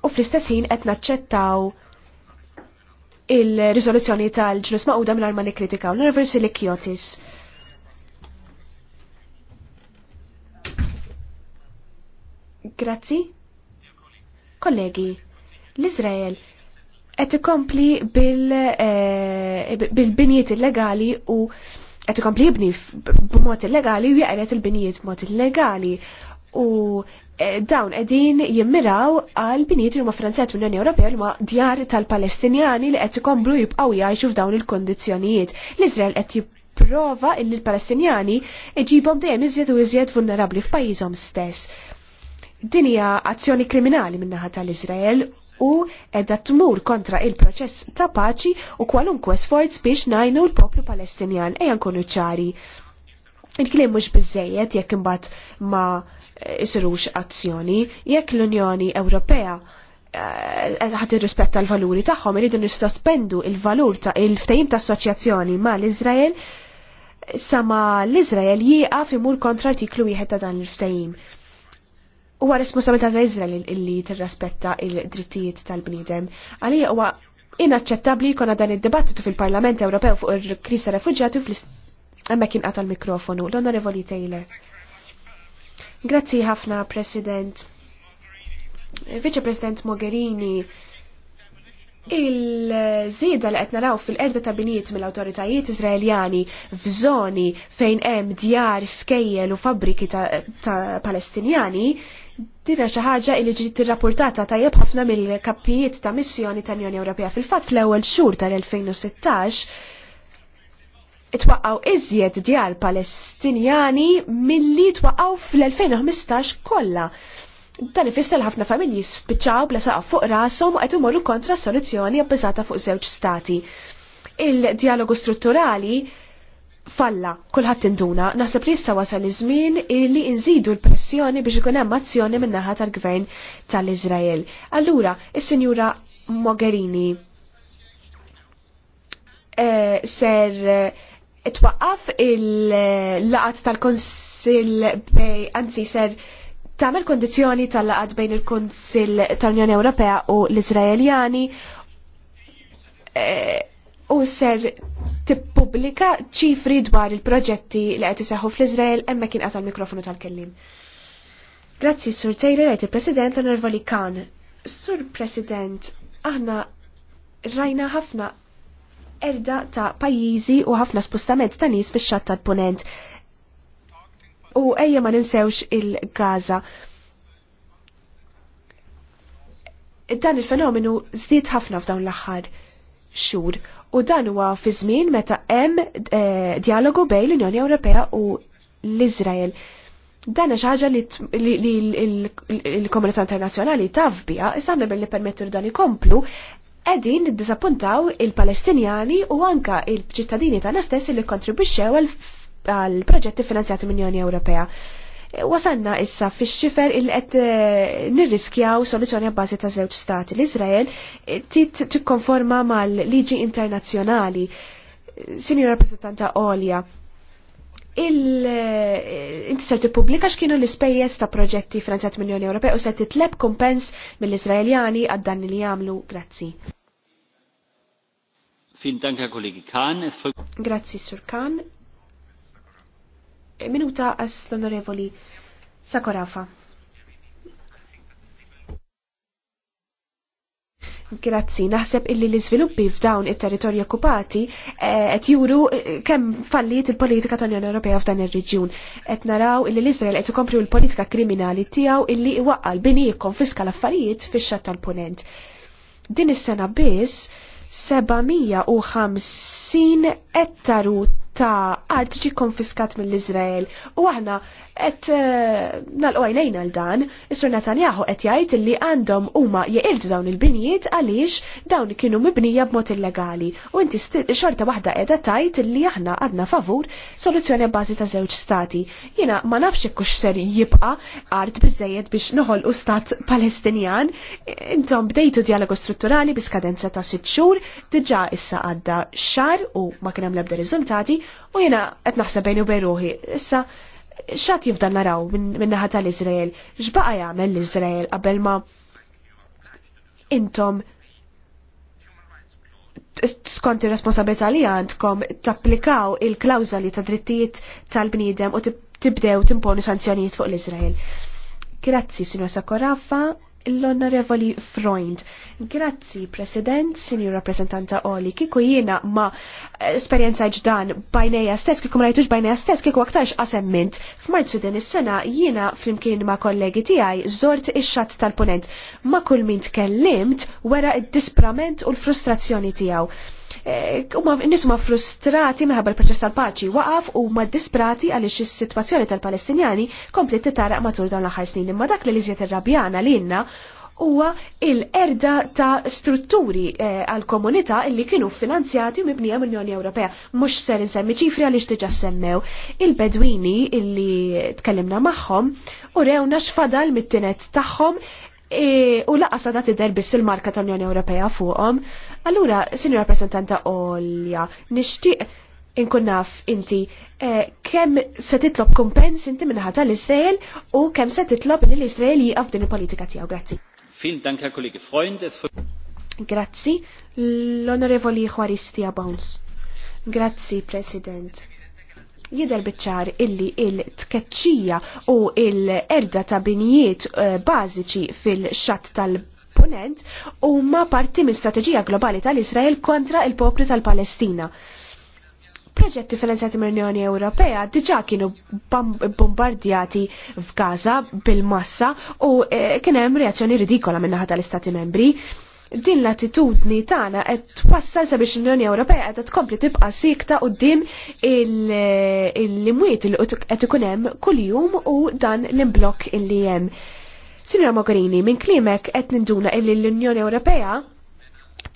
U fl-istess ħin qed naċċettaw il-riżoluzzjoni tal-ġnus maquda mill ma kritikaw l-Universi li Kjotis. Grazzi. Kollegi, l-Izrael qed ikompli eh, bil-binijiet illegali u qed ikompli jibni b'mod illegali u jaqret il-binijiet b'mod illegali u eh, dawn edin jimmiraw għal binijiet li huma finanzjati mill-Unjoni Ewropea li ma djar tal-Palestinjani li qed ikomplu jibqgħu jgħixu f'dawn il-kondizzjonijiet. L-Iżrael qed jipprova illi l-Palestinjani iġibhom dejjem iżjed u iżjed vulnerabbli f'pajjiżhom stess. Din hija azzjoni kriminali min-naħa tal-Iżrael u edha tmur kontra il-proċess ta' paċi u kwalunkwe sforz biex najnu l-poplu palestinjan ejan konu ċari. Il-klim mux bizzejiet jekk imbat ma eh, isirux azzjoni, jekk l-Unjoni Ewropea eh, ħat rispetta l-valuri tagħhom iridu nistospendu il-valur ta' il-ftehim ta' assoċjazzjoni ma' l-Izrael sama l-Izrael jieqaf imur kontra artiklu wieħed ta' dan il-ftehim huwa responsabilità ta' Izrael illi tirraspetta il-drittijiet tal-bniedem. Għalija huwa inaċċettabbli kona dan id-dibattitu fil-Parlament Ewropew fuq il-krisa fl hemmhekk inqata' l-mikrofonu l-Onorevoli Taylor. Grazzi ħafna, President. Vice President Mogherini, Il-żieda li qed naraw fil-qerda ta' binijiet mill-awtoritajiet Iżraeljani f'żoni fejn hemm djar, skejjel u fabbriki ta', ta Palestinjani Tira xi ħaġa li ġiet tirrapportata tajjeb ħafna mill-kappijiet ta' missjoni tal-Unjoni Ewropea. Fil-fatt fl-ewwel xhur tal-2016 itwaqgħu iżjed djar Palestinjani milli twaqgħu fl-2015 kollha. Dan ifisser li ħafna familji spiċċaw bla saqa fuq rashom u qed imorru kontra soluzzjoni abbeżata fuq żewġ stati. Il-dialogu strutturali falla, kulħadd induna, naħseb li jista' wasal iż-żmien li nżidu l-pressjoni biex ikun hemm azzjoni min-naħa tal-Gvern tal-Iżrael. Allura, is-Sinjura Mogherini eh, ser eh, twaqqaf il-laqat tal-Konsil bej, anzi ser tagħmel kondizzjoni tal-laqat bejn il-Konsil tal-Unjoni Ewropea u l-Iżraeljani eh, u ser tippubblika ċifri dwar il-proġetti li qed iseħħu fl-Iżrael hemm kien qata l-mikrofonu tal-kellim. Grazzi Sur Taylor għajt il-President l Khan. Sur President, aħna rajna ħafna erda ta' pajjiżi u ħafna spostament ta' nies fix-xatt tal-punent. U ejja ma ninsewx il-Gaza. Dan il-fenomenu żdied ħafna f'dawn l-aħħar xhur U dan huwa fi żmien meta hemm eh, dialogu bejn l-Unjoni Ewropea u l-Iżrael. Dan xi ħaġa li l-komunità internazzjonali taf biha, issa nibel li permettu dan ikomplu, qegħdin disappuntaw il-Palestinjani u anka il-ċittadini tagħna stess li kontribwixxew għal proġetti finanzjati mill-Unjoni Ewropea. Wasanna issa fix xifer il qed eh, nirriskjaw soluzzjoni għabbażi ta' żewġ stati. l izrael eh, tit tikkonforma mal-liġi internazzjonali. Signor rappresentanta Olja, eh, inti se tippubblika x'kienu l-ispejjeż ta' proġetti finanzjat mill-Unjoni Ewropea u se titleb kompens mill-Iżraeljani għad-danni li jagħmlu. Grazzi. E Grazzi Sur Khan. Minuta għas l-onorevoli Sakorafa. Grazzi, naħseb illi l-iżviluppi f'dawn it-territorji okkupati eh, qed juru eh, kemm falliet il-politika tal-Unjoni Ewropea f'dan ir-reġjun. Qed naraw illi l-Iżrael qed ikompri l-politika kriminali tiegħu illi iwaqqa bini jikkonfiska l-affarijiet fix-xatt tal-punent. Din is-sena biss 750 ettaru ta' art ġi konfiskat mill-Izrael u aħna qed eh, nal għajnejna għal dan, is-Sur Netanyahu qed jgħid li għandhom huma jeqirdu dawn il-binijiet għaliex dawn kienu mibnija b'mod illegali u inti xorta waħda qiegħda tajt li aħna għadna favur soluzzjoni bbażi ta' żewġ stati. Jiena ma nafx kux ser jibqa' art biżejjed biex noħolqu stat Palestinjan, intom bdejtu dialogu strutturali bi skadenza ta' sitt xhur, diġà issa għadda xar u ma kien hemm l-ebda riżultati, U jena qed naħseb bejn u bejn ruħi, issa xat jifdan naraw minn naħa tal-Izrael, x'baqa' jagħmel l-Izrael qabel ma intom skont ir-responsabilità li għandkom tapplikaw il-klawżoli ta' drittijiet tal-bniedem u tibdew timponu sanzjonijiet fuq l-Izrael. Grazzi, Sinjor Sakorafa l-Onorevoli Freund. Grazzi, President, Sinjur Rappresentanta Oli, kiku jiena ma eh, esperienza ġdan bajneja stess, kiku marajtux bajneja stess, kiku aktarx asemmint. F'Marzu din is-sena jiena flimkien ma kollegi tiegħi zort ix-xatt tal-ponent ma kull min tkellimt wara id-disprament u l-frustrazzjoni tiegħu Nis eh, ma frustrati minħabba l-proċess tal-paċi waqaf u ma disprati għaliex is-sitwazzjoni tal-Palestinjani kompli titaraq matul dawn l-aħħar snin imma dak li liżjet irrabjana lilna huwa il-erda ta' strutturi eh, għal komunità illi kienu finanzjati mibnija mill-Unjoni Ewropea. Mhux ser insemmi ċifri għaliex diġà semmew. Il-Bedwini illi tkellimna magħhom u rewna x'fadal mit-tinet tagħhom eh, u laqqa sadat id-derbis il-marka tal-Unjoni Ewropea fuqhom. Allura, Sinjora Rappresentanta Olja, nixtieq inkun naf inti eh, kemm se titlob kumpens inti minnaħat tal-Israel u kemm se titlob li l-Israel jiqaf din il-politika tiegħu. Grazzi. Vielen Dank, Herr Freund. Grazzi, l-Onorevoli Juaristi Abons. Grazzi, President jider bitċar illi il-tkeċċija u il-erda ta' binijiet eh, bażiċi fil-xatt tal komponent huma parti minn strateġija globali tal-Israel kontra il-poplu tal-Palestina. Proġetti finanzjati mill-Unjoni Ewropea diġà kienu bombardjati f'Gaza bil-massa u e, kien hemm reazzjoni ridikola min-naħa tal-Istati Membri din l-attitudni tagħna qed twassal sabiex l-Unjoni Ewropea qed tkompli tibqa' sikta quddiem il-imwiet il qed ikun hemm kuljum u dan l-imblokk illi hemm. Sinjora Mogherini, minn klimek qed ninduna illi l-Unjoni Ewropea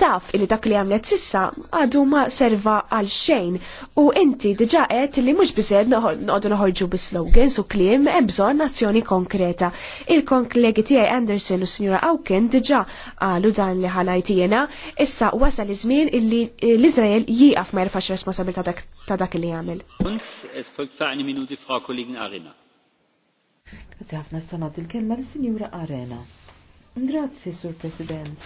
taf illi dak li għamlet sissa għadu ma serva għal xejn u inti diġa qed li mhux biżed noqogħdu noħorġu bi slogans u kliem hemm bżonn azzjoni konkreta. Il-konklegi tiegħi Anderson u Sinjura Awken diġa għalu dan li ħalajt jiena issa wasal iż-żmien illi l-Iżrael jieqaf ma jerfax responsabilità ta' dak li jagħmel. Uns, es folgt eine Minute Frau Kollegin Arena. Grazie ħafna stanat il-kelma l-Sinjura Arena. Grazzi, Sur President.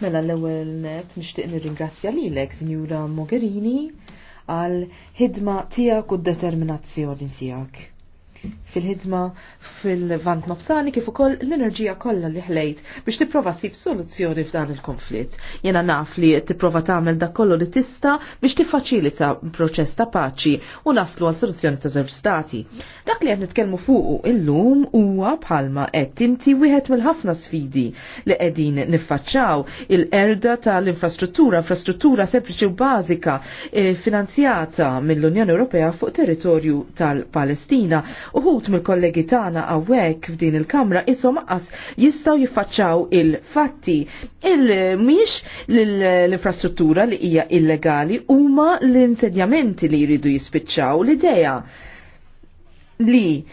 Mela l-ewel net nixtieq nirringrazzja lilek, Sinjura Mogherini, għal ħidma tiegħek u d-determinazzjoni tiegħek fil-ħidma fil-vant nofsani kif ukoll l-enerġija kollha li ħlejt biex tipprova ssib soluzzjoni f'dan il-konflitt. Jena naf li tipprova tagħmel dak kollu li tista' biex tiffaċilita proċess ta' paċi u naslu għal soluzzjoni ta' żewġ stati. Dak li qed nitkellmu fuqu illum huwa bħalma qed inti wieħed mill-ħafna sfidi li qegħdin niffaċċaw il-erda tal-infrastruttura, infrastruttura sempliċi u bażika eh, finanzjata mill-Unjoni Ewropea fuq territorju tal-Palestina Uħut mill-kollegi tagħna hawnhekk f'din il-Kamra ishom qas jistgħu jiffaċċaw il-fatti. Il-miex l-infrastruttura li hija illegali huma l-insedjamenti li jridu jispiċċaw l ideja li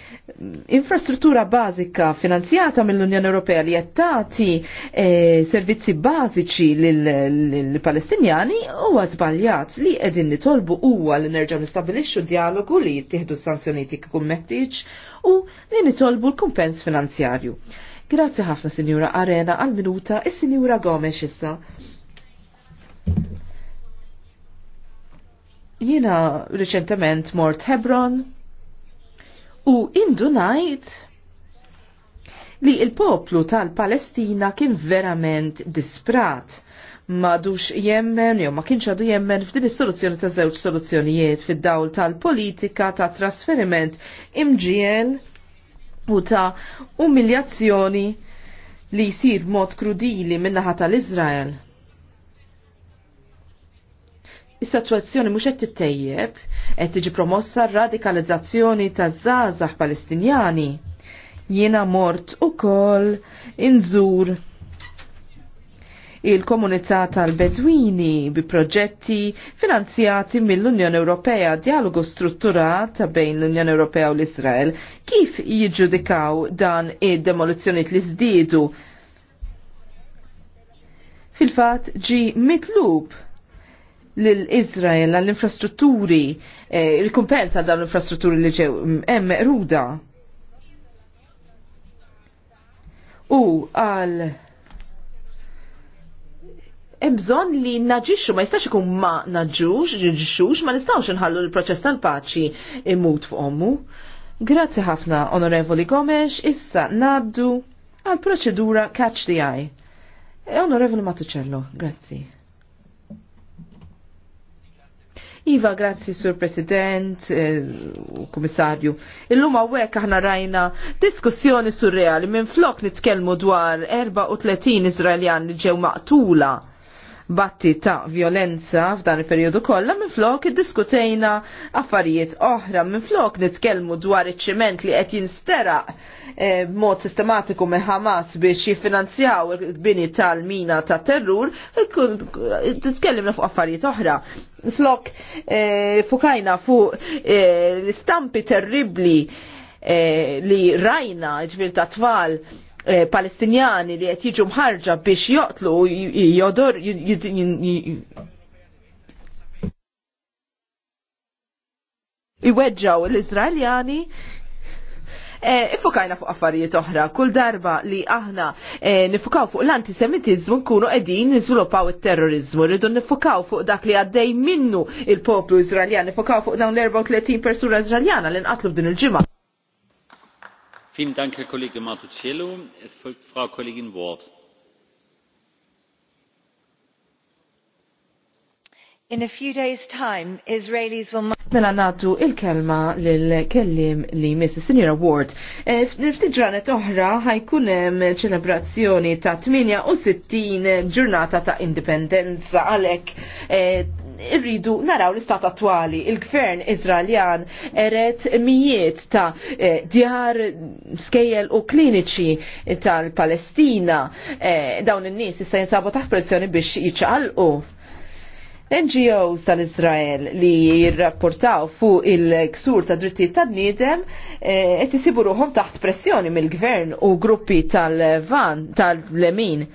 infrastruttura bażika finanzjata mill-Unjoni Ewropea li qed tagħti e, servizzi bażiċi lill-Palestinjani huwa żbaljat li qegħdin nitolbu huwa li nerġgħu nistabilixxu dialogu li jittieħdu sanzjoniti kikun meħtieġ u li nitolbu l-kumpens finanzjarju. Grazzi ħafna Sinjura Arena għal-minuta is-Sinjura Gomes issa. Jiena reċentement mort Hebron, u indunajt li il-poplu tal-Palestina kien verament disprat madux jemmen, jew ma kienx għadu jemmen f'din is-soluzzjoni ta' żewġ soluzzjonijiet fid-dawl tal-politika ta' trasferiment imġiel u ta' umiljazzjoni li jisir mod krudili minnaħa tal-Izrael. Is-sitwazzjoni mhux qed tittejjeb, qed tiġi promossa r-radikalizzazzjoni taż-żgħażagħ Palestinjani. Jiena mort ukoll inżur il-komunità tal-Bedwini bi proġetti finanzjati mill-Unjoni Ewropea dialogu strutturat bejn l-Unjoni Ewropea u l-Israel. Kif jiġġudikaw dan id demolizzjoni li żdiedu? Fil-fat ġi mitlub l-Izrael għall-infrastrutturi, eh, il-kumpensa dawn l-infrastrutturi li ġew mm, hemm ruda. U għal hemm bżonn li naġixxu ma jistax ikun ma naġġux, naġixxux, ma nistgħux inħallu l-proċess tal-paċi imut fuq Grazzi ħafna, Onorevoli Gomes, issa naddu għal proċedura catch the eye. Eh, Onorevoli Matuċello, grazzi. Iva, grazzi, Sur President, eh, u Komissarju. Illum għawek aħna rajna diskussjoni surreali minn flok nitkellmu dwar 34 Izraeljan li ġew maqtula batti ta' violenza f'dan il-periodu kollha minflok iddiskutejna affarijiet oħra minflok nitkellmu dwar iċ-ċiment li qed b'mod eh, b'mod sistematiku minn Hamas biex jiffinanzjaw il-bini tal-mina ta' terrur, titkellimna fuq affarijiet oħra flok eh, fukajna fuq eh, l-istampi terribli eh, li rajna ġvil ta' tfal Eh, Palestinjani li qed jiġu mħarġa biex joqtlu jodor iweġġaw l-Izraeljani eh, Ifukajna fuq affarijiet oħra, kull darba li aħna eh, nifukaw fuq l-antisemitizmu nkunu qegħdin niżviluppaw it-terrorizmu, rridu nifukaw fuq dak li għaddej minnu il-poplu Izraeljan, nifukaw fuq dawn l-34 persuna Izraeljana li nqatlu f'din il-ġimgħa. Vielen Dank, Herr Kollege Martuccello. Es folgt Frau Kollegin Ward. In a few days' time, Israelis will... Mela natu il-kelma l-kellim li Mrs. Senior Award. E, F'tiġranet oħra ħajkun hemm ċelebrazzjoni ta' 68 ġurnata ta' indipendenza għalhekk e, irridu naraw l-istat attwali. Il-gvern Izraeljan eret mijiet ta' eh, djar skejjel u kliniċi tal-Palestina. Eh, dawn in-nies issa jinsabu taħt pressjoni biex jiċċaqalqu. NGOs tal-Izrael li jirrapportaw fuq il-ksur ta' drittijiet ta' bniedem eh, qed isibu ruħhom taħt pressjoni mill-gvern u gruppi tal-van tal-lemin. tal tal van tal lemin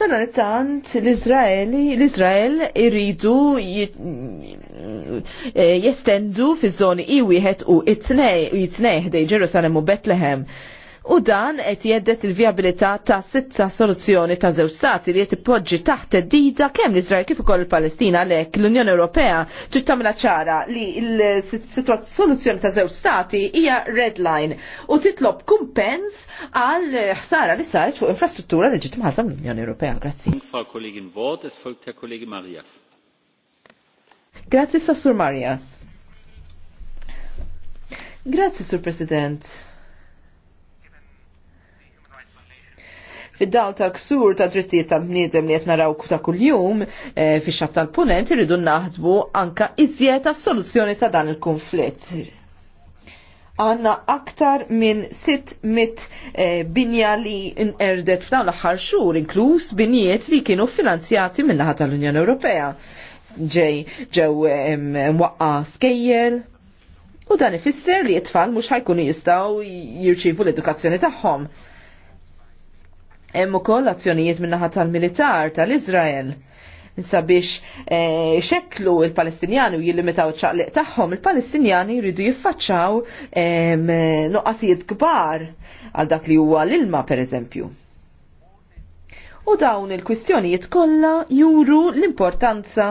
Sana li tant l-Izraeli, l-Izrael irridu eh, jestendu fi zoni i wieħed u it-tnej ħdej Ġerusalem u Betlehem u dan qed jeddet il-vjabilità ta' sitta soluzzjoni ta' żewġ stati li qed ippoġġi taħt dida kemm l-Iżrael kif ukoll il-Palestina għalhekk l-Unjoni Ewropea trid tagħmilha ċara li l-soluzzjoni ta' żewġ stati hija red line u titlob kumpens għal ħsara li saret fuq infrastruttura li ġiet mħassam l-Unjoni Ewropea. Grazzi. Grazzi, Sassur Marias. Grazzi, Sur President. Fid-dawl tal ksur ta' drittijiet tal-bniedem li qed naraw ta' kuljum eh, fix-xatt tal-punent irridu naħdbu anka iżjed tas-soluzzjoni ta' dan il-konflitt għanna aktar minn 600 eh, binja li nqerdet f'dawn l-aħħar xhur, inkluż binjiet li kienu finanzjati min-naħa tal-Unjoni Ewropea. Ġej ġew mwaqqa skejjel. U dan ifisser li t-tfal mhux ħajkunu jistgħu jirċivu l-edukazzjoni tagħhom. Hemm ukoll azzjonijiet min-naħa tal-militar tal-Iżrael sabiex eh, xeklu il-Palestinjani u jillimitaw ċaqliq tagħhom, il-Palestinjani jridu jiffaċċaw nuqqasijiet kbar għal dak li huwa l-ilma pereżempju. U dawn il-kwistjonijiet kollha juru l-importanza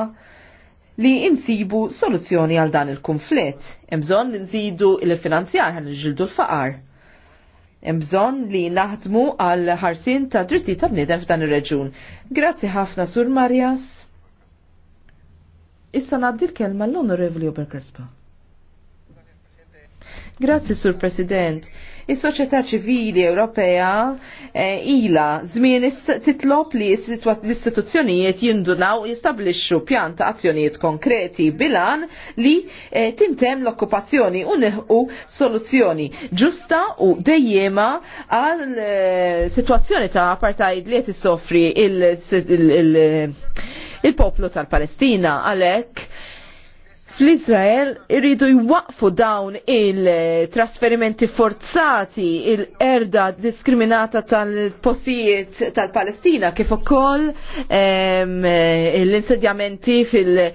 li insibu soluzzjoni għal dan il-konflitt. Hemm bżonn nżidu il-finanzjar ħan l-faqar imbżon li naħdmu għal ħarsin ta' dritti ta' bnidem f'dan ir-reġun. Grazzi ħafna Sur Marjas. Issa naddi l-kelma l-Onorevoli Ober Crespa. Grazzi Sur President. Is-soċjetà ċivili Ewropea eh, ila żmien titlob li l-istituzzjonijiet jindunaw jistablixxu pjan ta' azzjonijiet konkreti bilan li eh, tintem l-okkupazzjoni u neħu soluzzjoni ġusta u dejjema għal eh, situazzjoni ta' apartheid li qed issofri il-poplu tal-Palestina għalhekk fl-Izrael irridu jwaqfu dawn il-trasferimenti forzati, il-erda diskriminata tal-postijiet tal-Palestina, kif ukoll l-insedjamenti fil-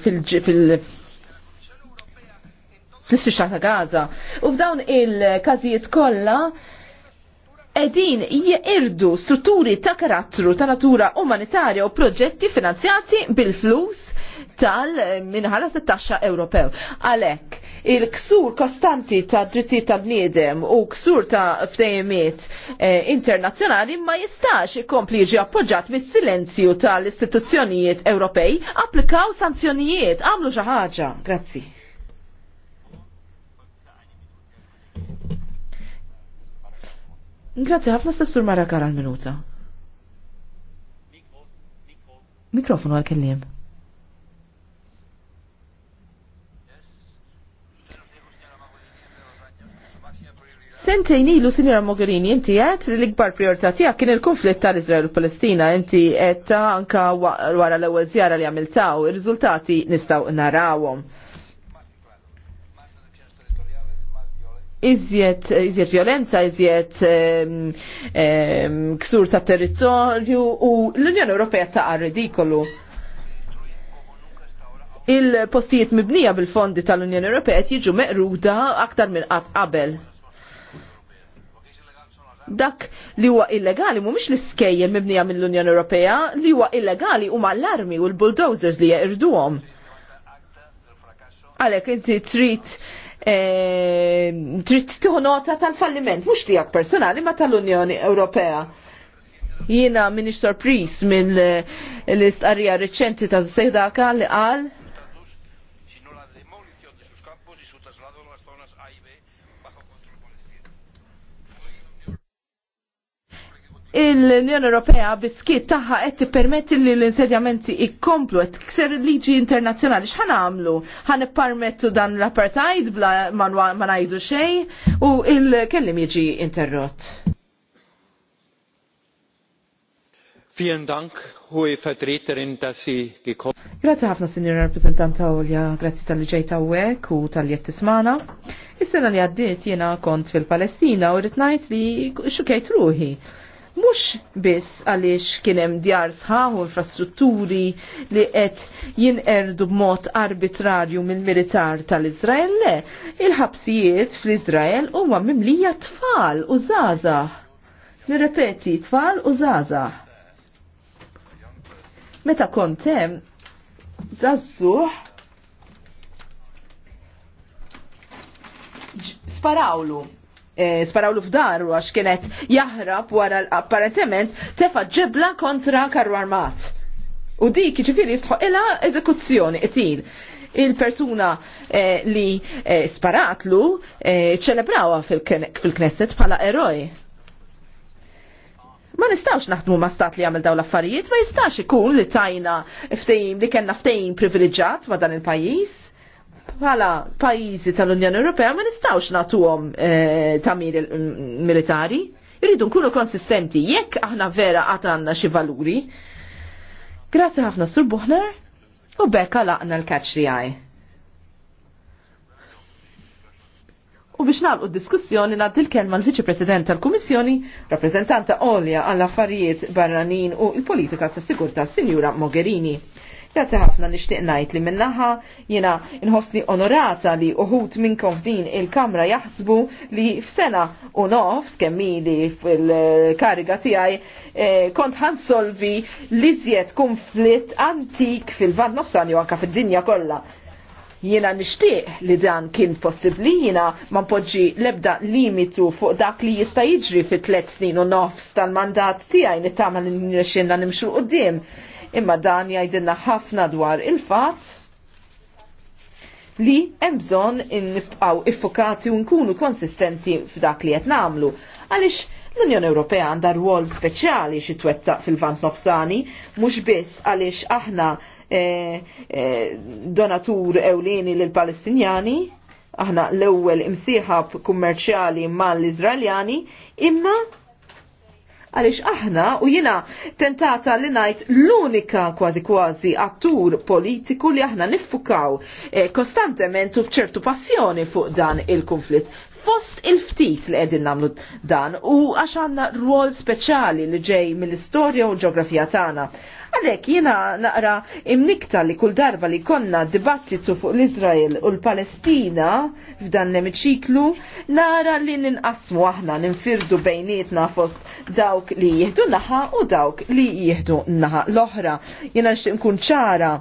fil- fil ta' Gaza. U f'dawn il-każijiet kollha edin jirdu strutturi ta' karattru ta' natura umanitarja u proġetti finanzjati bil-flus tal minħala 16 Ewropew. Għalek, il-ksur kostanti ta' dritti ta' bniedem u ksur ta' ftejmiet eh, internazzjonali ma jistax ikompli jiġi appoġġat mis silenzju tal-istituzzjonijiet Ewropej applikaw sanzjonijiet, għamlu xi ħaġa. Grazzi. Grazzi ħafna stessur Mara Kara minuta Mikrofonu għal-kellim. Sentejn ilu, Sinjora Mogherini, inti li l-ikbar priorità tiegħek kien il-konflitt tal-Izrael u Palestina, inti għed anka wara l-ewwel żjara li għamiltaw, ir-riżultati nistgħu narawhom. iżjed iżjed violenza, iżjed ksur ta' territorju u l-Unjoni Ewropea ta' ridikolu. Il-postijiet mibnija bil-fondi tal-Unjoni Ewropea jiġu meqruda aktar minn qatt qabel dak li huwa illegali mhumiex l-iskejjel mibnija mill-Unjoni Ewropea, li huwa illegali huma l-armi u l-bulldozers li jirduhom. Għalhekk inti trid e, trid tieħu nota tal-falliment mhux tiegħek personali ma tal-Unjoni Ewropea. Jiena minix sorpris minn l-istqarrija reċenti ta' Sejdaka li qal l-Unjoni Ewropea biskit taħħa qed tippermetti li l-insedjamenti ikkomplu qed il liġi internazzjonali. X'ħan għamlu? Ħan ipparmettu dan l-apartheid bla ma ngħidu xejn u il-kellim jiġi interrott. Vielen Dank, hui vertreterin ta' si kikom. Grazie ħafna, Sinjor Rappresentanta Olja, grazie tal-li ġejta u tal-li tismana. Is-sena li għaddiet jena kont fil-Palestina u rritnajt li xukajt ruħi mux biss għaliex kienem djar sħaħ u infrastrutturi li qed jinqerdu b'mod arbitrarju mill-militar tal-Izrael, le, il-ħabsijiet fl-Izrael huwa mimlija tfal u zaza. Nirrepeti, tfal u zaza. Meta kontem, zazzuħ, sparawlu Eh, sparawlu f'daru għax kienet jahrab wara apparentement tefa ġibla kontra karru armat. U dik ġifiri jistħu illa eżekuzzjoni qtil. Il-persuna eh, li eh, sparatlu ċelebrawa fil-knesset bħala eroj. Ma nistawx naħdmu ma stat li għamil daw l-affarijiet, ma jistax ikun li tajna ftejim li kena ftejim privileġat ma dan il-pajis bħala pajizi tal-Unjoni Ewropea ma nistawx natuhom ta' eh, tamir militari. Irridu nkunu konsistenti jekk aħna vera għatanna xi valuri. Grazzi ħafna Sur Buhner u Beka laqna l-catch li għaj. U biex nalqu diskussjoni nad il-kelma l-Viċi President tal-Kummissjoni, rappreżentanta Olja għall-Affarijiet Barranin u l-Politika tas Sigurta, Sinjura Mogherini. Grazie ħafna nixtieq ngħid li minnaħa jiena nħossni onorata li uħut minnkom f'din il-Kamra jaħsbu li f'sena u nofs skemmili fil-kariga tiegħi eh, kont ħansolvi l żjed konflitt antik fil van nofsan jew anka fid-dinja kollha jiena nishtiq li dan kien possibli jiena ma npoġġi lebda limitu fuq dak li jista' jiġri fit tliet snin u nofs tal-mandat tiegħi nittama li nixxinna nimxu qudiem. Imma dan jgħidilna ħafna dwar il-fatt li hemm bżonn nibqgħu iffokati u nkunu konsistenti f'dak li qed nagħmlu. Għaliex l-Unjoni Ewropea għandha rwol speċjali xi twettaq fil-vant nofsani, mhux biss għaliex aħna eh, eh, donatur ewlieni lil palestinjani aħna l-ewwel imsieħab kummerċjali mal-Iżraeljani, imma għaliex aħna u jina tentata li najt l-unika kważi kważi attur politiku li aħna niffukaw eh, kostantement u bċertu passjoni fuq dan il-konflitt fost il-ftit li qegħdin nagħmlu dan u għax għandna rwol speċjali li ġej mill-istorja u ġeografija tagħna. Għalhekk jiena naqra imnikta li kull darba li konna dibattitu fuq l-Iżrael u l-Palestina f'dan l-emiċiklu nara li ninqasmu aħna ninfirdu bejnietna fost dawk li jieħdu naħa u dawk li jieħdu naħa l-oħra. Jiena nkun ċara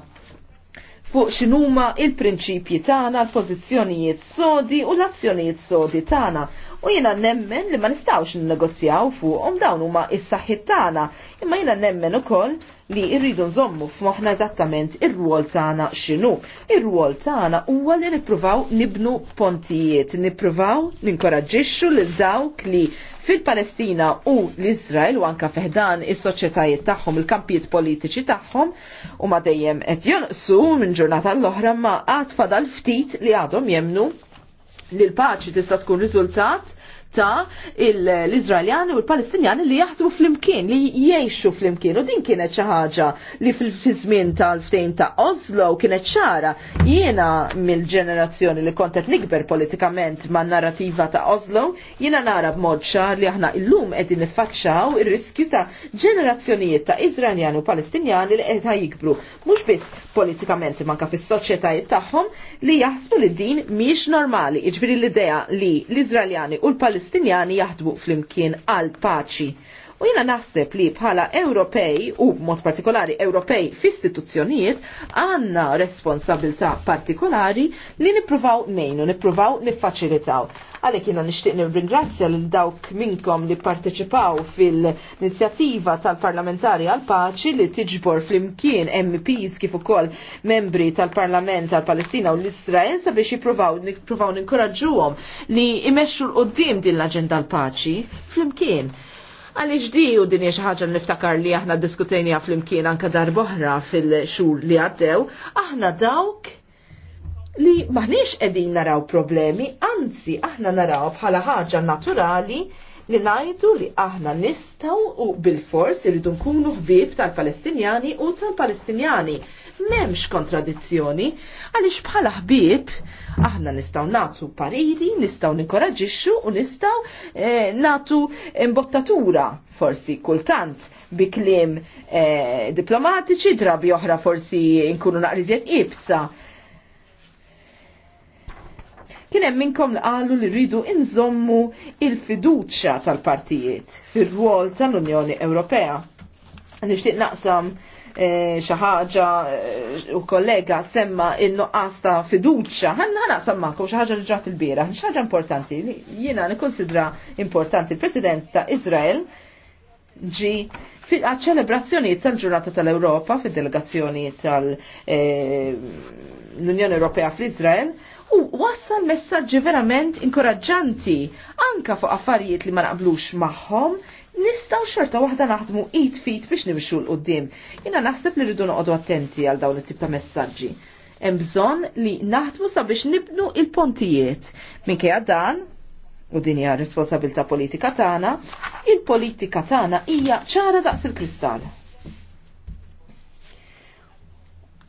fuq x'inhuma il-prinċipji tagħna, l-pożizzjonijiet sodi u l-azzjonijiet sodi tagħna u jiena nemmen li ma nistgħux nnegozjaw fuqhom dawn huma is-saħħit tagħna, imma jiena nemmen ukoll li rridu nżommu f'moħħna eżattament ir-rwol tagħna x'inhu. Ir-rwol tagħna huwa li nippruvaw nibnu pontijiet, nippruvaw ninkoraġġixxu lil dawk li fil-Palestina u l-Izrael u anka feħdan is-soċjetajiet tagħhom, il-kampijiet politiċi tagħhom u ma dejjem qed jonqsu minn ġurnata l-oħra ma għad fadal ftit li għadhom jemnu li l-paċi tista' tkun riżultat ta' l-Izraeljani u l-Palestinjani li jaħdmu fl-imkien, li jiexu fl-imkien. U din kienet xi ħaġa li fil-żmien tal-ftejn ta' Oslo kienet ċara. Jiena mill-ġenerazzjoni li kontet nikber politikament ma' narrativa ta' Oslo, jiena nara b'mod ċar li aħna illum qegħdin niffaċċaw ir-riskju ta' ġenerazzjonijiet ta' Izraeljani u Palestinjani li qed jikbru. Mhux biss politikament manka fis-soċjetajiet tagħhom li jaħsbu li din mhijiex normali, jiġifieri l-idea li l izraeljani u l-Palestinjani Palestinjani jaħdmu flimkien għal paċi. U jina naħseb li bħala Ewropej, u mod partikolari Ewropej f'istituzzjonijiet, għanna responsabilità partikolari li nipruvaw nejnu, nipruvaw niffaċilitaw. Għalek jina nishtiq nirringrazzja l dawk minkom li parteċipaw fil-inizjattiva tal-parlamentari għal-paċi li tiġbor fl-imkien MPs kif ukoll membri tal-parlament tal-Palestina u l-Israel sabiex jipruvaw nipruvaw li jmexxu l-qoddim din l-aġenda l-paċi fl-imkien. Għaliex di u din xi ħaġa niftakar li aħna diskutejnija fl-imkien anka darboħra fil-xhur li għaddew, aħna dawk li maħniex qegħdin naraw problemi, anzi aħna naraw bħala ħaġa naturali li najdu li aħna nistaw u bil-fors irridu nkunu ħbib tal-Palestinjani u tal-Palestinjani m'hemmx kontradizzjoni għaliex bħala ħbieb aħna nistgħu nagħtu pariri, nistgħu ninkoraġixxu u nistgħu eh, nagħtu imbottatura forsi kultant bi kliem eh, diplomatiċi drabi oħra forsi nkunu naqriżiet ibsa. Kien hemm minnkom li qalu li rridu inżommu il-fiduċja tal-partijiet fir-rwol tal-Unjoni Ewropea nishtiq naqsam Eh, xi ħaġa eh, u kollega semma in-nuqqas ta' fiduċja, ħanna naqsam magħkom xi ħaġa li ġrat il-bieraħ, xi ħaġa importanti li jiena nikkonsidra importanti. Il-President ta' Izrael ġi għal-ċelebrazzjoni tal-ġurnata tal-Europa fil-delegazzjoni tal-Unjoni eh, Ewropea fl-Izrael u wassal messaġġi verament inkoraġġanti anka fuq affarijiet li ma naqblux magħhom nistaw xorta waħda naħdmu it fit biex nimxu l-qoddim. Jina naħseb li rridu noqogħdu attenti għal dawn it-tip ta' messaġġi. Hemm bżonn li naħdmu sabiex nibnu il-pontijiet. Minkejja dan, u din hija responsabilità politika tagħna, il-politika tagħna hija ċara daqs il-kristall.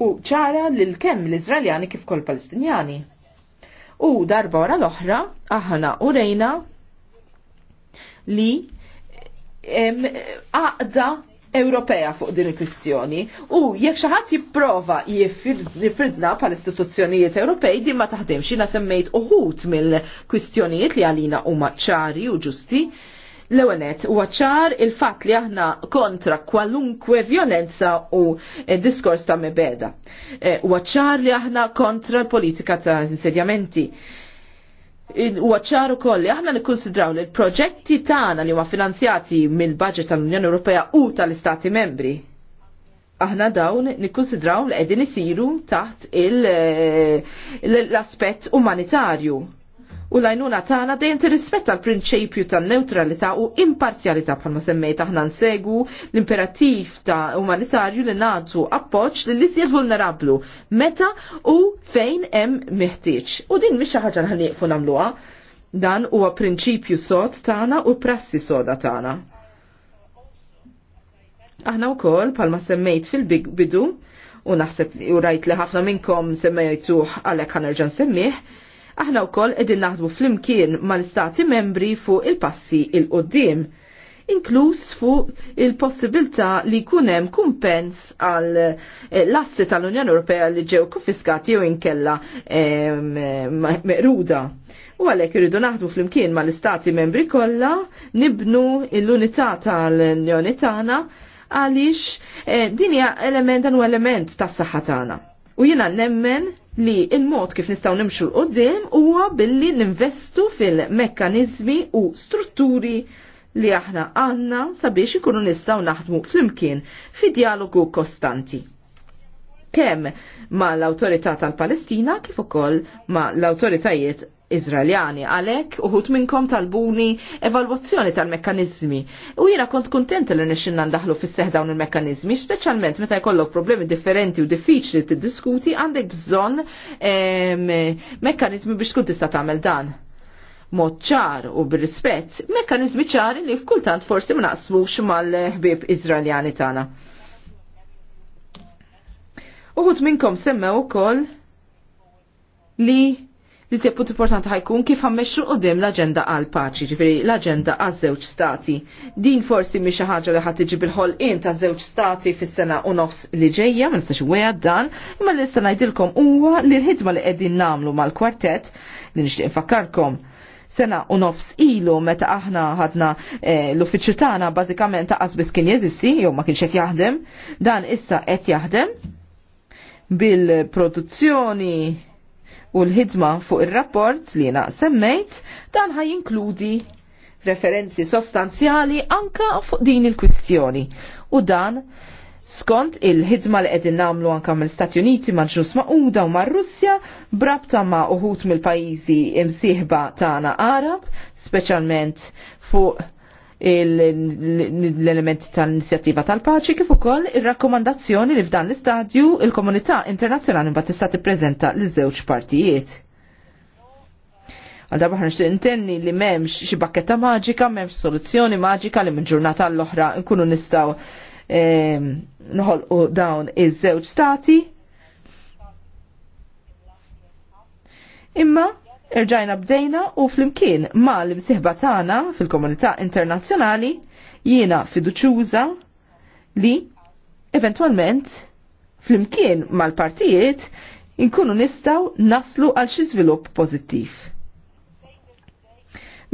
U ċara lil kemm l izraeljani kif kol Palestinjani. U darba wara l-oħra aħna u rejna li għaqda Ewropea fuq din il-kwistjoni u jekk xi ħadd jipprova jifridna pal istituzzjonijiet Ewropej din ma taħdem jiena semmejt uħut mill-kwistjonijiet li għalina huma ċari u ġusti. L-ewenet huwa ċar il-fatt li aħna kontra kwalunkwe violenza u eh, diskors ta' mebeda. Eh, huwa ċar li aħna kontra l-politika ta' insedjamenti huwa ċaru kolli aħna nikkonsidraw li l-proġetti tagħna li huma finanzjati mill-budget tal-Unjoni Ewropea u tal-Istati Membri. Aħna dawn nikkonsidraw li qegħdin isiru taħt eh, l-aspett umanitarju U l-għajnuna tagħna dejjem tirrispetta l-prinċipju ta' neutralità u imparzjalità bħalma semmejt aħna nsegu l-imperattiv ta' umanitarju li nagħtu appoġġ li l-iżjed vulnerablu meta u fejn hemm meħtieġ. U din mhix xi ħaġa li ħanieqfu nagħmluha. Dan huwa prinċipju sod tagħna u prassi soda tagħna. Aħna wkoll bħalma semmejt fil-bidu u naħseb u rajt li ħafna minnkom semmejtu għalhekk ħanerġa' semmiħ. Aħna wkoll qegħdin naħdbu flimkien mal-istati membri fuq il-passi il-qoddim inkluż fuq il-possibilità li kunem kumpens għal eh, l-assi tal-Unjoni Ewropea li ġew konfiskati jew inkella meqruda. U għalhekk irridu naħdu flimkien mal-istati membri kollha nibnu l-unità tal-Unjoni tagħna għaliex eh, din hija element dan element tas-saħħa tagħna. U jiena nemmen li il-mod kif nistaw nimxu l-qoddim huwa billi ninvestu fil-mekkanizmi u strutturi li aħna għanna sabiex ikunu nistaw naħdmu fl-imkien fi dialogu kostanti. Kem ma l-autorità tal-Palestina kif ukoll ma l-autoritajiet Izraeljani għalek uħut minnkom talbuni evalwazzjoni tal-mekkanizmi. U jiena kont kontent li nixinna ndaħlu fis seħ dawn il-mekkanizmi, speċjalment meta jkollok problemi differenti u diffiċli tiddiskuti għandek bżonn mekkanizmi biex tkun tista' tagħmel dan mod ċar u bir-rispett, mekkanizmi ċari li f'kultant forsi ma naqsmux mal-ħbib Izraeljani tagħna. Uħut minnkom semmew ukoll li Li se punt importanti ħajkun kif ħammexxu qudiem l-aġenda għal paċi, ġifieri l-aġenda għaż żewġ stati. Din forsi mhi xi ħaġa li ħadd tiġi bil-ħolqien ta' żewġ stati fis-sena u nofs li ġejja, ma nistax wieħed dan, imma li nista' ngħidilkom huwa li l-ħidma li qegħdin nagħmlu mal-kwartett li nixtieq infakkarkom sena u nofs ilu meta aħna ħadna eh, l-uffiċċju tagħna bażikament ta' qasbis kien jeżisti jew ma kienx qed jaħdem, dan issa qed jaħdem bil-produzzjoni u l-ħidma fuq ir-rapport li jena semmejt dan ħaj inkludi referenzi sostanzjali anka fuq din il-kwistjoni. U dan skont il-ħidma li qegħdin nagħmlu anke mill-Stati Uniti ma' ġnus Maquda u ma' Russja brabta ma' uħut mill-pajjiżi imsieħba tagħna Arab, speċjalment fuq l-element tal-inizjattiva tal-paċi kif ukoll ir-rakkomandazzjoni li f'dan l-istadju il-komunità internazzjonali mbagħad tista' tippreżenta liż-żewġ partijiet għal darba ħan intenni li memx xi bakketta maġika, memx soluzzjoni maġika li minn ġurnata l-oħra nkunu nistaw ehm, noħolqu dawn iż-żewġ stati. Imma Irġajna bdejna u flimkien ma l-imsiħba tagħna fil-komunità internazzjonali jiena fiduċuża li eventualment flimkien mal-partijiet inkunu nistaw naslu għal xi żvilupp pożittiv.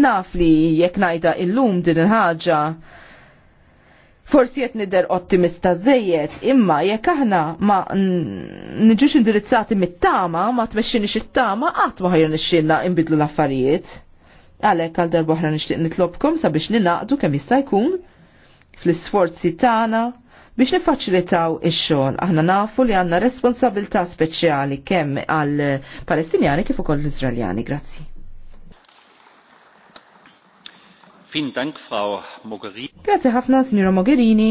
Naf li jekk ngħidha illum din il-ħaġa Forsi qed nider ottimista żejjed, imma jekk aħna ma niġux indirizzati mit-tama, ma tmexxinix it-tama, qatt ma ħajr nixxinna inbidlu l-affarijiet. Għalhekk għal darba oħra nixtieq nitlobkom sabiex ninaqdu kemm jista' jkun fl-isforzi tagħna biex nifaċilitaw ix-xogħol. Aħna nafu li għandna responsabilità speċjali kemm għall Palestinjani kif ukoll l-Iżraeljani. Grazzi. Grazie ħafna, Signora Mogherini.